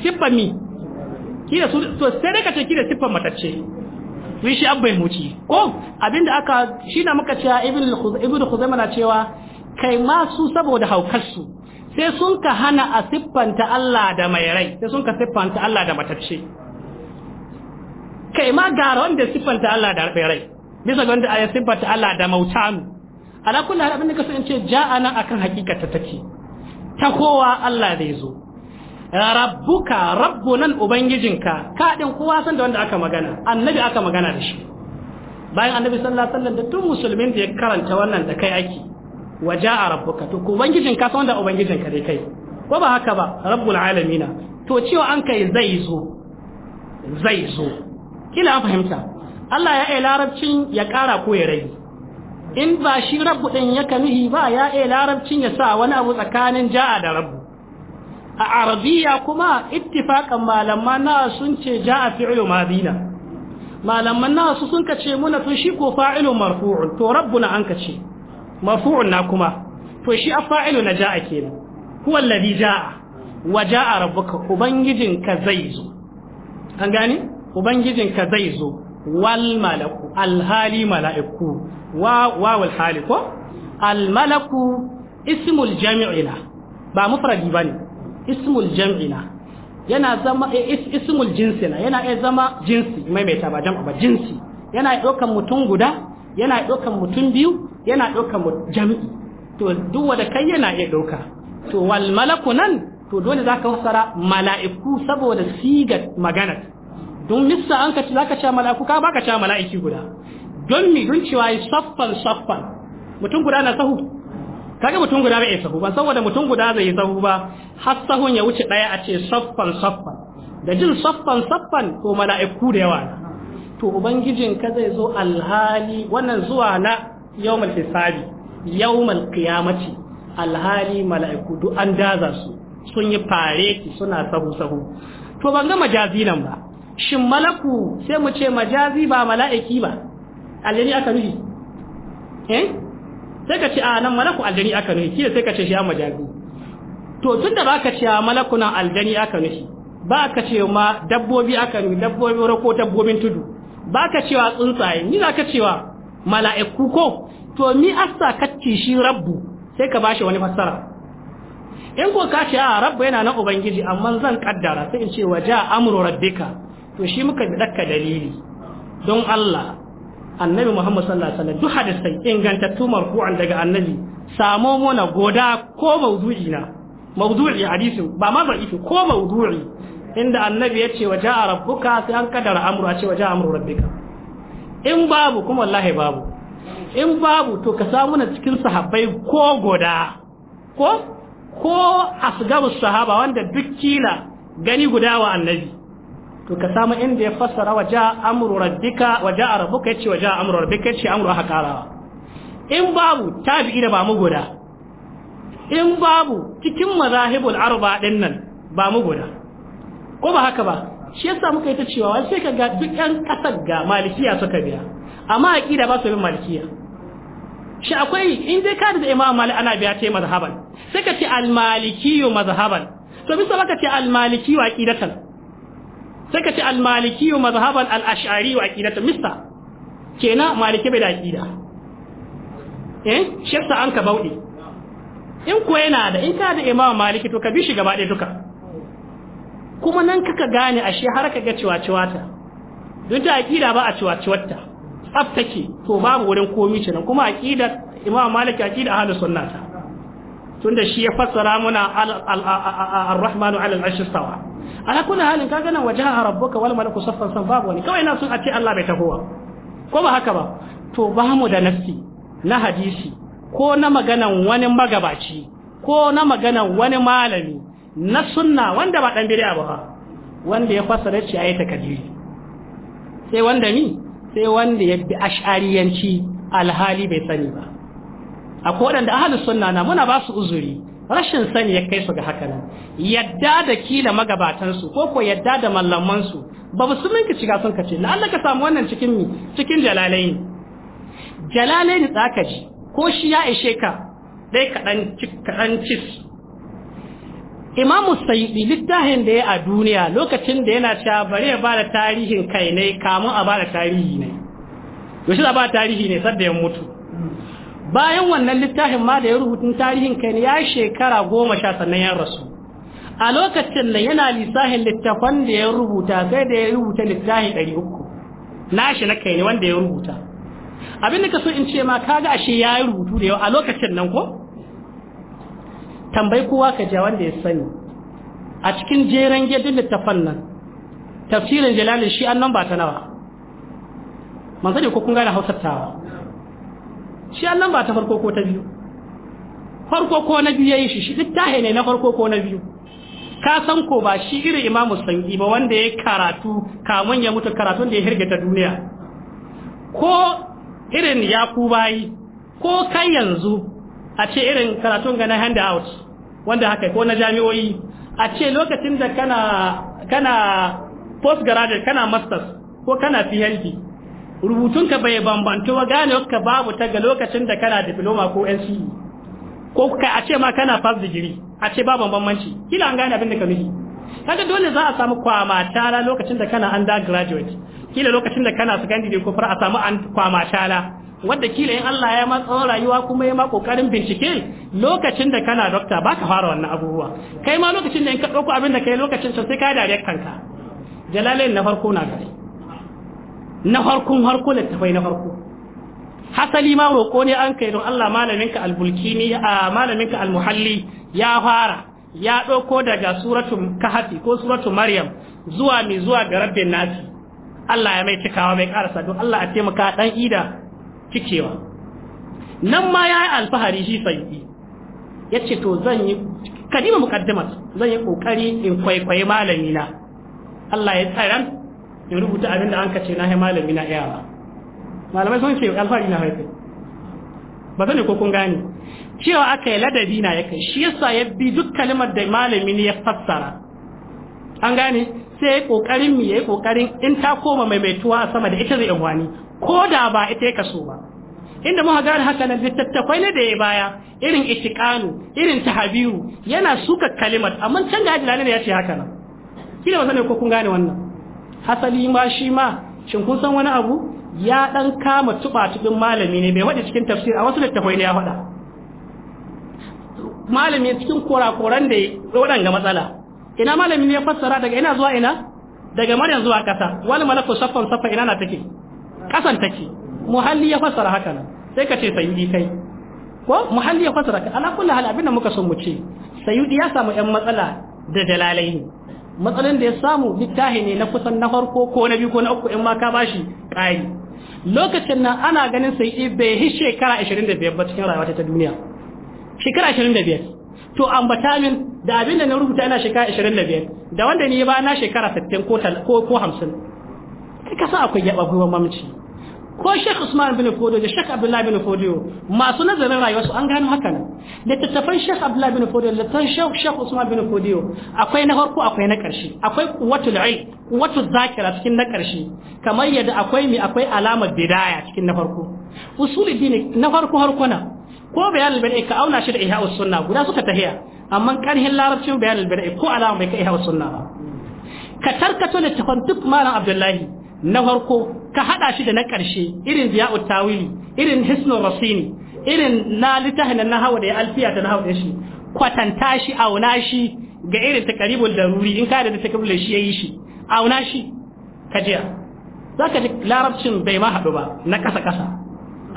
siffan mi kila su to sai dai kace kila siffar matacce to shi abbai muci ko oh, abinda aka shi na muka cewa khuzaimah ibnu khuzaimah na cewa kai ma su saboda haukar su sai sun ka hana a siffanta Allah da mai rai sai sun ka siffanta Allah da matacce kai ma gara wanda siffanta Allah da mai rai bisa ga wanda ya siffanta Allah da mautanu ala kullu abin da kasan ce ja'ana akan hakikata take ta kowa Allah zai zo rabbuka rabbu nan ubangijinka ka din kowa san da wanda aka magana annabi aka magana da shi bayan annabi sallallahu alaihi wasallam da tun musulmin da ya karanta wannan da kai aiki waja'a rabbuka to ubangijinka san da ubangijinka dai kai ko ba haka ba rabbul alamina to cewa an kai zai zo zai zo kila fahimta Allah ya yi larabcin ya kara ko ya rage in ba shi rabbu din ya kamihi ba ya yi larabcin ya sa wani abu tsakanin ja'a da rabbu a arabiya kuma ittifaqan malaman na sun ce ja'a fi'lu madina malaman na su sun kace muna to shi ko fa'ilu marfu'un to rabbuna an kace marfu'un na kuma to shi a fa'ilu na ja'a kenan huwa alladhi ja'a wa ja'a rabbuka ka zai zo an gane ka zai zo wal malaku alhali mala'iku wa wawul hali ko al malaku ismul jami'ina ba mufradi bane ismul jam'ina yana zama eh, ismul na yana iya zama jinsi maimaita ba jam'a ba jinsi yana ɗaukan mutum guda yana ɗaukan mutum biyu yana ɗaukan jam'i to duk wanda kai yana iya ɗauka to wal malaku nan to dole zaka fassara mala'iku saboda sigar magana don missa an ka zaka ce mala'iku ka baka ce mala'iki guda don mi don cewa saffan saffan mutum guda na sahu kaga mutum guda bai sahu ba saboda mutum guda zai sahu ba har sahun ya wuce daya a ce saffan saffan da jin saffan saffan to mala'iku da yawa to ubangijin ka zai zo alhali wannan zuwa na yawmal hisabi yawmal qiyamati alhali mala'iku duk an daza su sun yi ki suna sahu sahu to ban ga majazi nan ba shin malaku sai mu ce majazi ba mala'iki ba allani aka nufi eh sai ka ce a ah, nan malaku aljani aka nufi kila sai ka ce shi amma jabi to tun ba ka ce malaku nan aljani aka nufi ba ka ce ma dabbobi aka nufi dabbobi ko dabbobin tudu ba ka cewa tsuntsaye ni za ka cewa mala'iku ko to ni asa kacci shi rabbu sai ka bashi wani fassara in ko ka ce a ah, rabbu yana na ubangiji amma zan kaddara sai in ce wa ja amru rabbika to shi muka bi dakka dalili don Allah annabi Muhammad sallallahu alaihi wasallam duk hadisai ingantattu marfu'an daga annabi samo muna goda ko mawdu'i na mawdu'i hadisi ba ma ba ifi ko mawdu'i inda annabi ya ce waje a rabbuka sai an kadara amru a ce waje amru rabbika in babu kuma wallahi babu in babu to ka samu na cikin sahabbai ko goda ko ko asgabu sahaba wanda duk kila gani guda wa annabi to ka samu inda ya fassara wa ja amru rabbika wa ja rabbuka yace wa ja amru rabbika yace amru haka karawa in babu tabi'i da ba mu guda in babu cikin mazahibul arba din nan ba mu guda ko ba haka ba shi yasa muka yi ta cewa wai sai kaga duk yan kasar ga malikiya suka biya amma aqida ba su bin malikiya shi akwai in dai ka da imam malik ana biya ta mazhaban sai ka ce al malikiyyu mazhaban to bisa baka ce al malikiyyu aqidatan sai ka ce al-maliki wa mazhaban al-ash'ari wa aqidatu mista kenan maliki bai da aqida eh shi an ka bauɗe in ko yana da in ka da imam maliki to ka bi shi gaba ɗaya duka kuma nan kaka gane ashe har ka ga cewa ciwata don ta aqida ba a cewa ciwatta tsaftake to babu wurin komi ce nan kuma aqida imam maliki aqida ahlus sunnata tunda shi ya fassara muna al-rahmanu ala al-arshi sawa ala kulli halin kaga nan wajaha rabbuka wal malaku saffan san babu wani kawai na sun a ce Allah bai tahowa ko ba haka ba to ba mu da nafsi na hadisi ko na maganan wani magabaci ko na maganan wani malami na sunna wanda ba dan bid'a ba wanda ya fasara shi ayi takadiri sai wanda ni sai wanda ya bi ash'ariyanci alhali bai sani ba akwai wadanda ahlus sunna na muna ba su uzuri rashin sani ya kai su ga haka nan yadda da kila magabatansu ko ko yadda da mallamansu ba musulmin ka shiga sun kace ka samu wannan cikin mi cikin jalalaini jalalaini tsaka ji ko shi ya ishe ka dai kaɗan kaɗan cis imamu sayyidi littafin da ya a duniya lokacin da yana cewa bari ya bada tarihin kai ne kamun a bada tarihi ne yaushe za a bada tarihi ne sabda ya mutu bayan wannan littafin ma da ya rubutun tarihin kai ya shekara goma sha sannan ya rasu a lokacin da yana lissafin littafan da ya rubuta sai da ya rubuta littafi ɗari uku nashi na kai ne wanda ya rubuta abin da ka so in ce ma kaga ashe ya yi rubutu da yau a lokacin nan ko tambayi kowa ka ja wanda ya sani a cikin jeren gidan littafan nan tafsirin jalalin shi annan ba ta nawa man sani ko kun gane hausar tawa shi an lamba ta farko ko ta biyu farko ko na biyu yayi shi shi littahi ne na farko ko na biyu ka san ko ba shi irin imamu sangi ba wanda ya karatu kamun ya mutu karatun da ya hirgita duniya ko irin ya ku bayi ko kai yanzu a ce irin karatun ga na handout wanda haka ko na jami'o'i a ce lokacin da kana kana postgraduate kana masters ko kana PhD rubutunka bai bambanta wa gane ka babu ta ga lokacin da kana diploma ko NCE ko kai a ce ma kana first degree a ce babu bambanci kila an gane abin da ka nufi kaga dole za a samu kwama tara lokacin da kana undergraduate kila lokacin da kana secondary ko fara a samu kwama tara wanda kila in Allah ya ma tsawon rayuwa kuma ya ma kokarin bincike lokacin da kana dokta baka fara wannan abubuwa kai ma lokacin da in ka dauko abin da kai lokacin sai ka direct kanka jalalain na farko na gari na farkon harko littafai na farko hasali ma roƙo ne an kai don Allah malaminka albulkini a malaminka almuhalli ya fara ya ɗauko daga suratul Kahafi ko suratul maryam zuwa mai zuwa ga rabbin nasi Allah ya mai cikawa mai karasa don Allah a taimaka dan ida cikewa nan ma ya yi alfahari shi sayi ya ce to zan yi kadima mukaddimat zan yi kokari in kwaikwayi malamina Allah ya tsaran in rubuta abin da an ka na hai malami na yara malamai sun ce alfahari na haifi ba zane ko kun gane cewa aka yi ladabi na ya kai shi yasa ya bi duk kalimar da malami ne ya fassara an gane sai ya yi kokarin mi ya yi kokarin in ta koma maimaituwa a sama da ita zai wani ko da ba ita ya kaso ba inda muka gane haka nan littattafai na da ya baya irin itikanu irin tahabiru yana suka kalimar amma can da ajilani ne ya ce haka nan kila ba zane ko kun gane wannan hasali ma shi ma shin kun san wani abu ya dan kama tuba tubin malami ne bai wada cikin tafsir a wasu littafai ne ya faɗa malami cikin korakoran da waɗanga matsala ina malami ne ya fassara daga ina zuwa ina daga maryam zuwa kasa wani malaku saffan saffa ina na take kasan take muhalli ya fassara haka nan sai ka ce sayyidi kai ko muhalli ya fassara ka ala kullu hal abinda muka son mu ce sayyidi ya samu yan matsala da dalalai ne matsalolin da ya samu littahi ne na kusan na farko ko na biyu ko na uku in ma ka bashi ƙari lokacin nan ana ganin sai bai yi shekara 25 ba cikin rayuwa ta duniya shekara 25 to ambata min da abin da na rubuta ina shekara 25 da wanda ni ba na shekara 60 ko ko 50 kai ka sa akwai yaba gwiwa mamci ko Sheikh Usman bin Fodio da Sheikh Abdullahi bin Fodio masu nazarin rayuwarsu an gano haka nan littattafan Sheikh Abdullahi bin Fodio da littattafan Sheikh Usman bin Fodio akwai na farko akwai na ƙarshe akwai quwwatul ilm quwwatul zakira cikin na ƙarshe kamar yadda akwai mi akwai alamar bidaya cikin na farko usuluddin na farko harko na ko bayanul bid'a ka auna shi da ihya sunna guda suka tahiya amma karhin larabcin bayanul bid'a ko alama bai ka ihya sunna ba ka tarkato littafan duk malam Abdullahi na farko ka hada shi da na karshe irin ziya tawili irin hisnul rasini irin na litahin na hawa da alfiya ta na hawa shi kwatanta shi auna shi ga irin ta da daruri in ka da ta takaribul shi yayi shi auna shi za zaka ji larabcin bai ma hadu ba na kasa kasa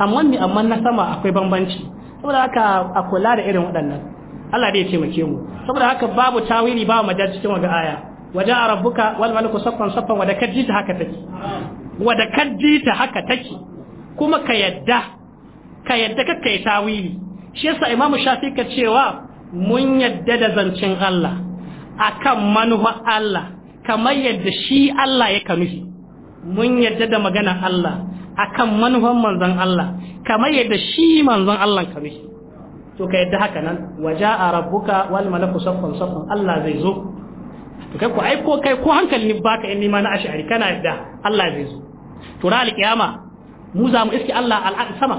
amma ni amma na sama akwai bambanci saboda haka a kula da irin waɗannan Allah da ya taimake mu saboda haka babu tawili babu madar cikin ga aya waje a rabbuka wani malaku saffan saffan wada kaji haka take wada kaji haka take kuma ka yadda ka yadda ka kai tawili shi yasa imamu shafi ka cewa mun yadda da zancen Allah a kan manufa Allah kamar yadda shi Allah ya nufi mun yadda da magana Allah a kan manufan manzon Allah kamar yadda shi manzon Allah ka to ka yadda haka nan waja a rabbuka wani malaku saffan saffan Allah zai zo to kai ko ai ko kai ko hankalin baka in nima na ash'ari kana yadda Allah zai zo to ran alkiyama mu za mu iske Allah al'ad sama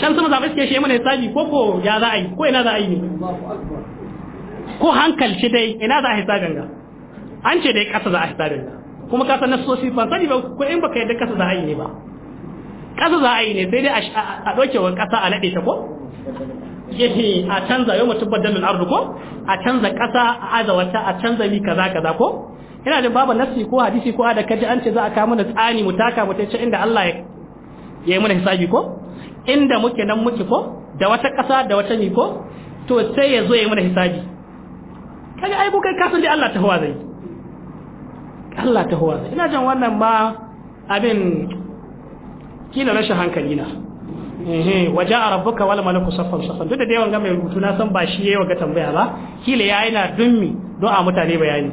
can sama za mu iske shi mana hisabi ko ko ya za a yi ko ina za a yi ne ko hankal shi dai ina za a hisabin ga an ce dai kasa za a hisabin ga kuma kasa na sosi ban sani ba ko in baka yadda kasa za a yi ne ba kasa za a yi ne sai dai a ɗauke wa kasa a naɗe ta ko yake a canza yau mutum badalul ardu ko a canza kasa a aza wata a canza mi kaza kaza ko ina da babu nafsi ko hadisi ko da kaji an ce za a kawo mana tsani mu taka mu tace inda Allah ya yi mana hisabi ko inda muke nan muke ko da wata kasa da wata mi ko to sai ya zo ya yi mana hisabi kaga ai kai ka san dai Allah ta zai Allah ta zai ina jan wannan ma abin kila rashin hankali na waje a rabuka wal malaku saffan saffan duk da dai wanga mai rubutu na san ba shi yayi waga tambaya ba kila yi na dummi don a mutane bayani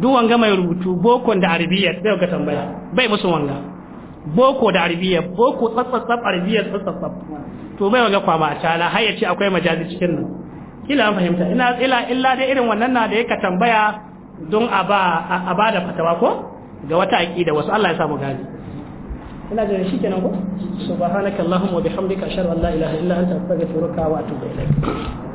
duk wanga mai rubutu bokon da arabiya bai waga tambaya bai musu wanga boko da arabiya boko tsatsatsap arabiya tsatsatsap to bai waga kwama a cala har ya ce akwai majalis cikin nan kila an fahimta ina ila illa dai irin wannan na da yake tambaya don a ba a ba da fatawa ko ga wata aqida wasu Allah ya samu gani ina jin shi kenan ko subhanakallahumma wa bihamdika ashhadu an la ilaha illa anta astaghfiruka wa atubu ilaik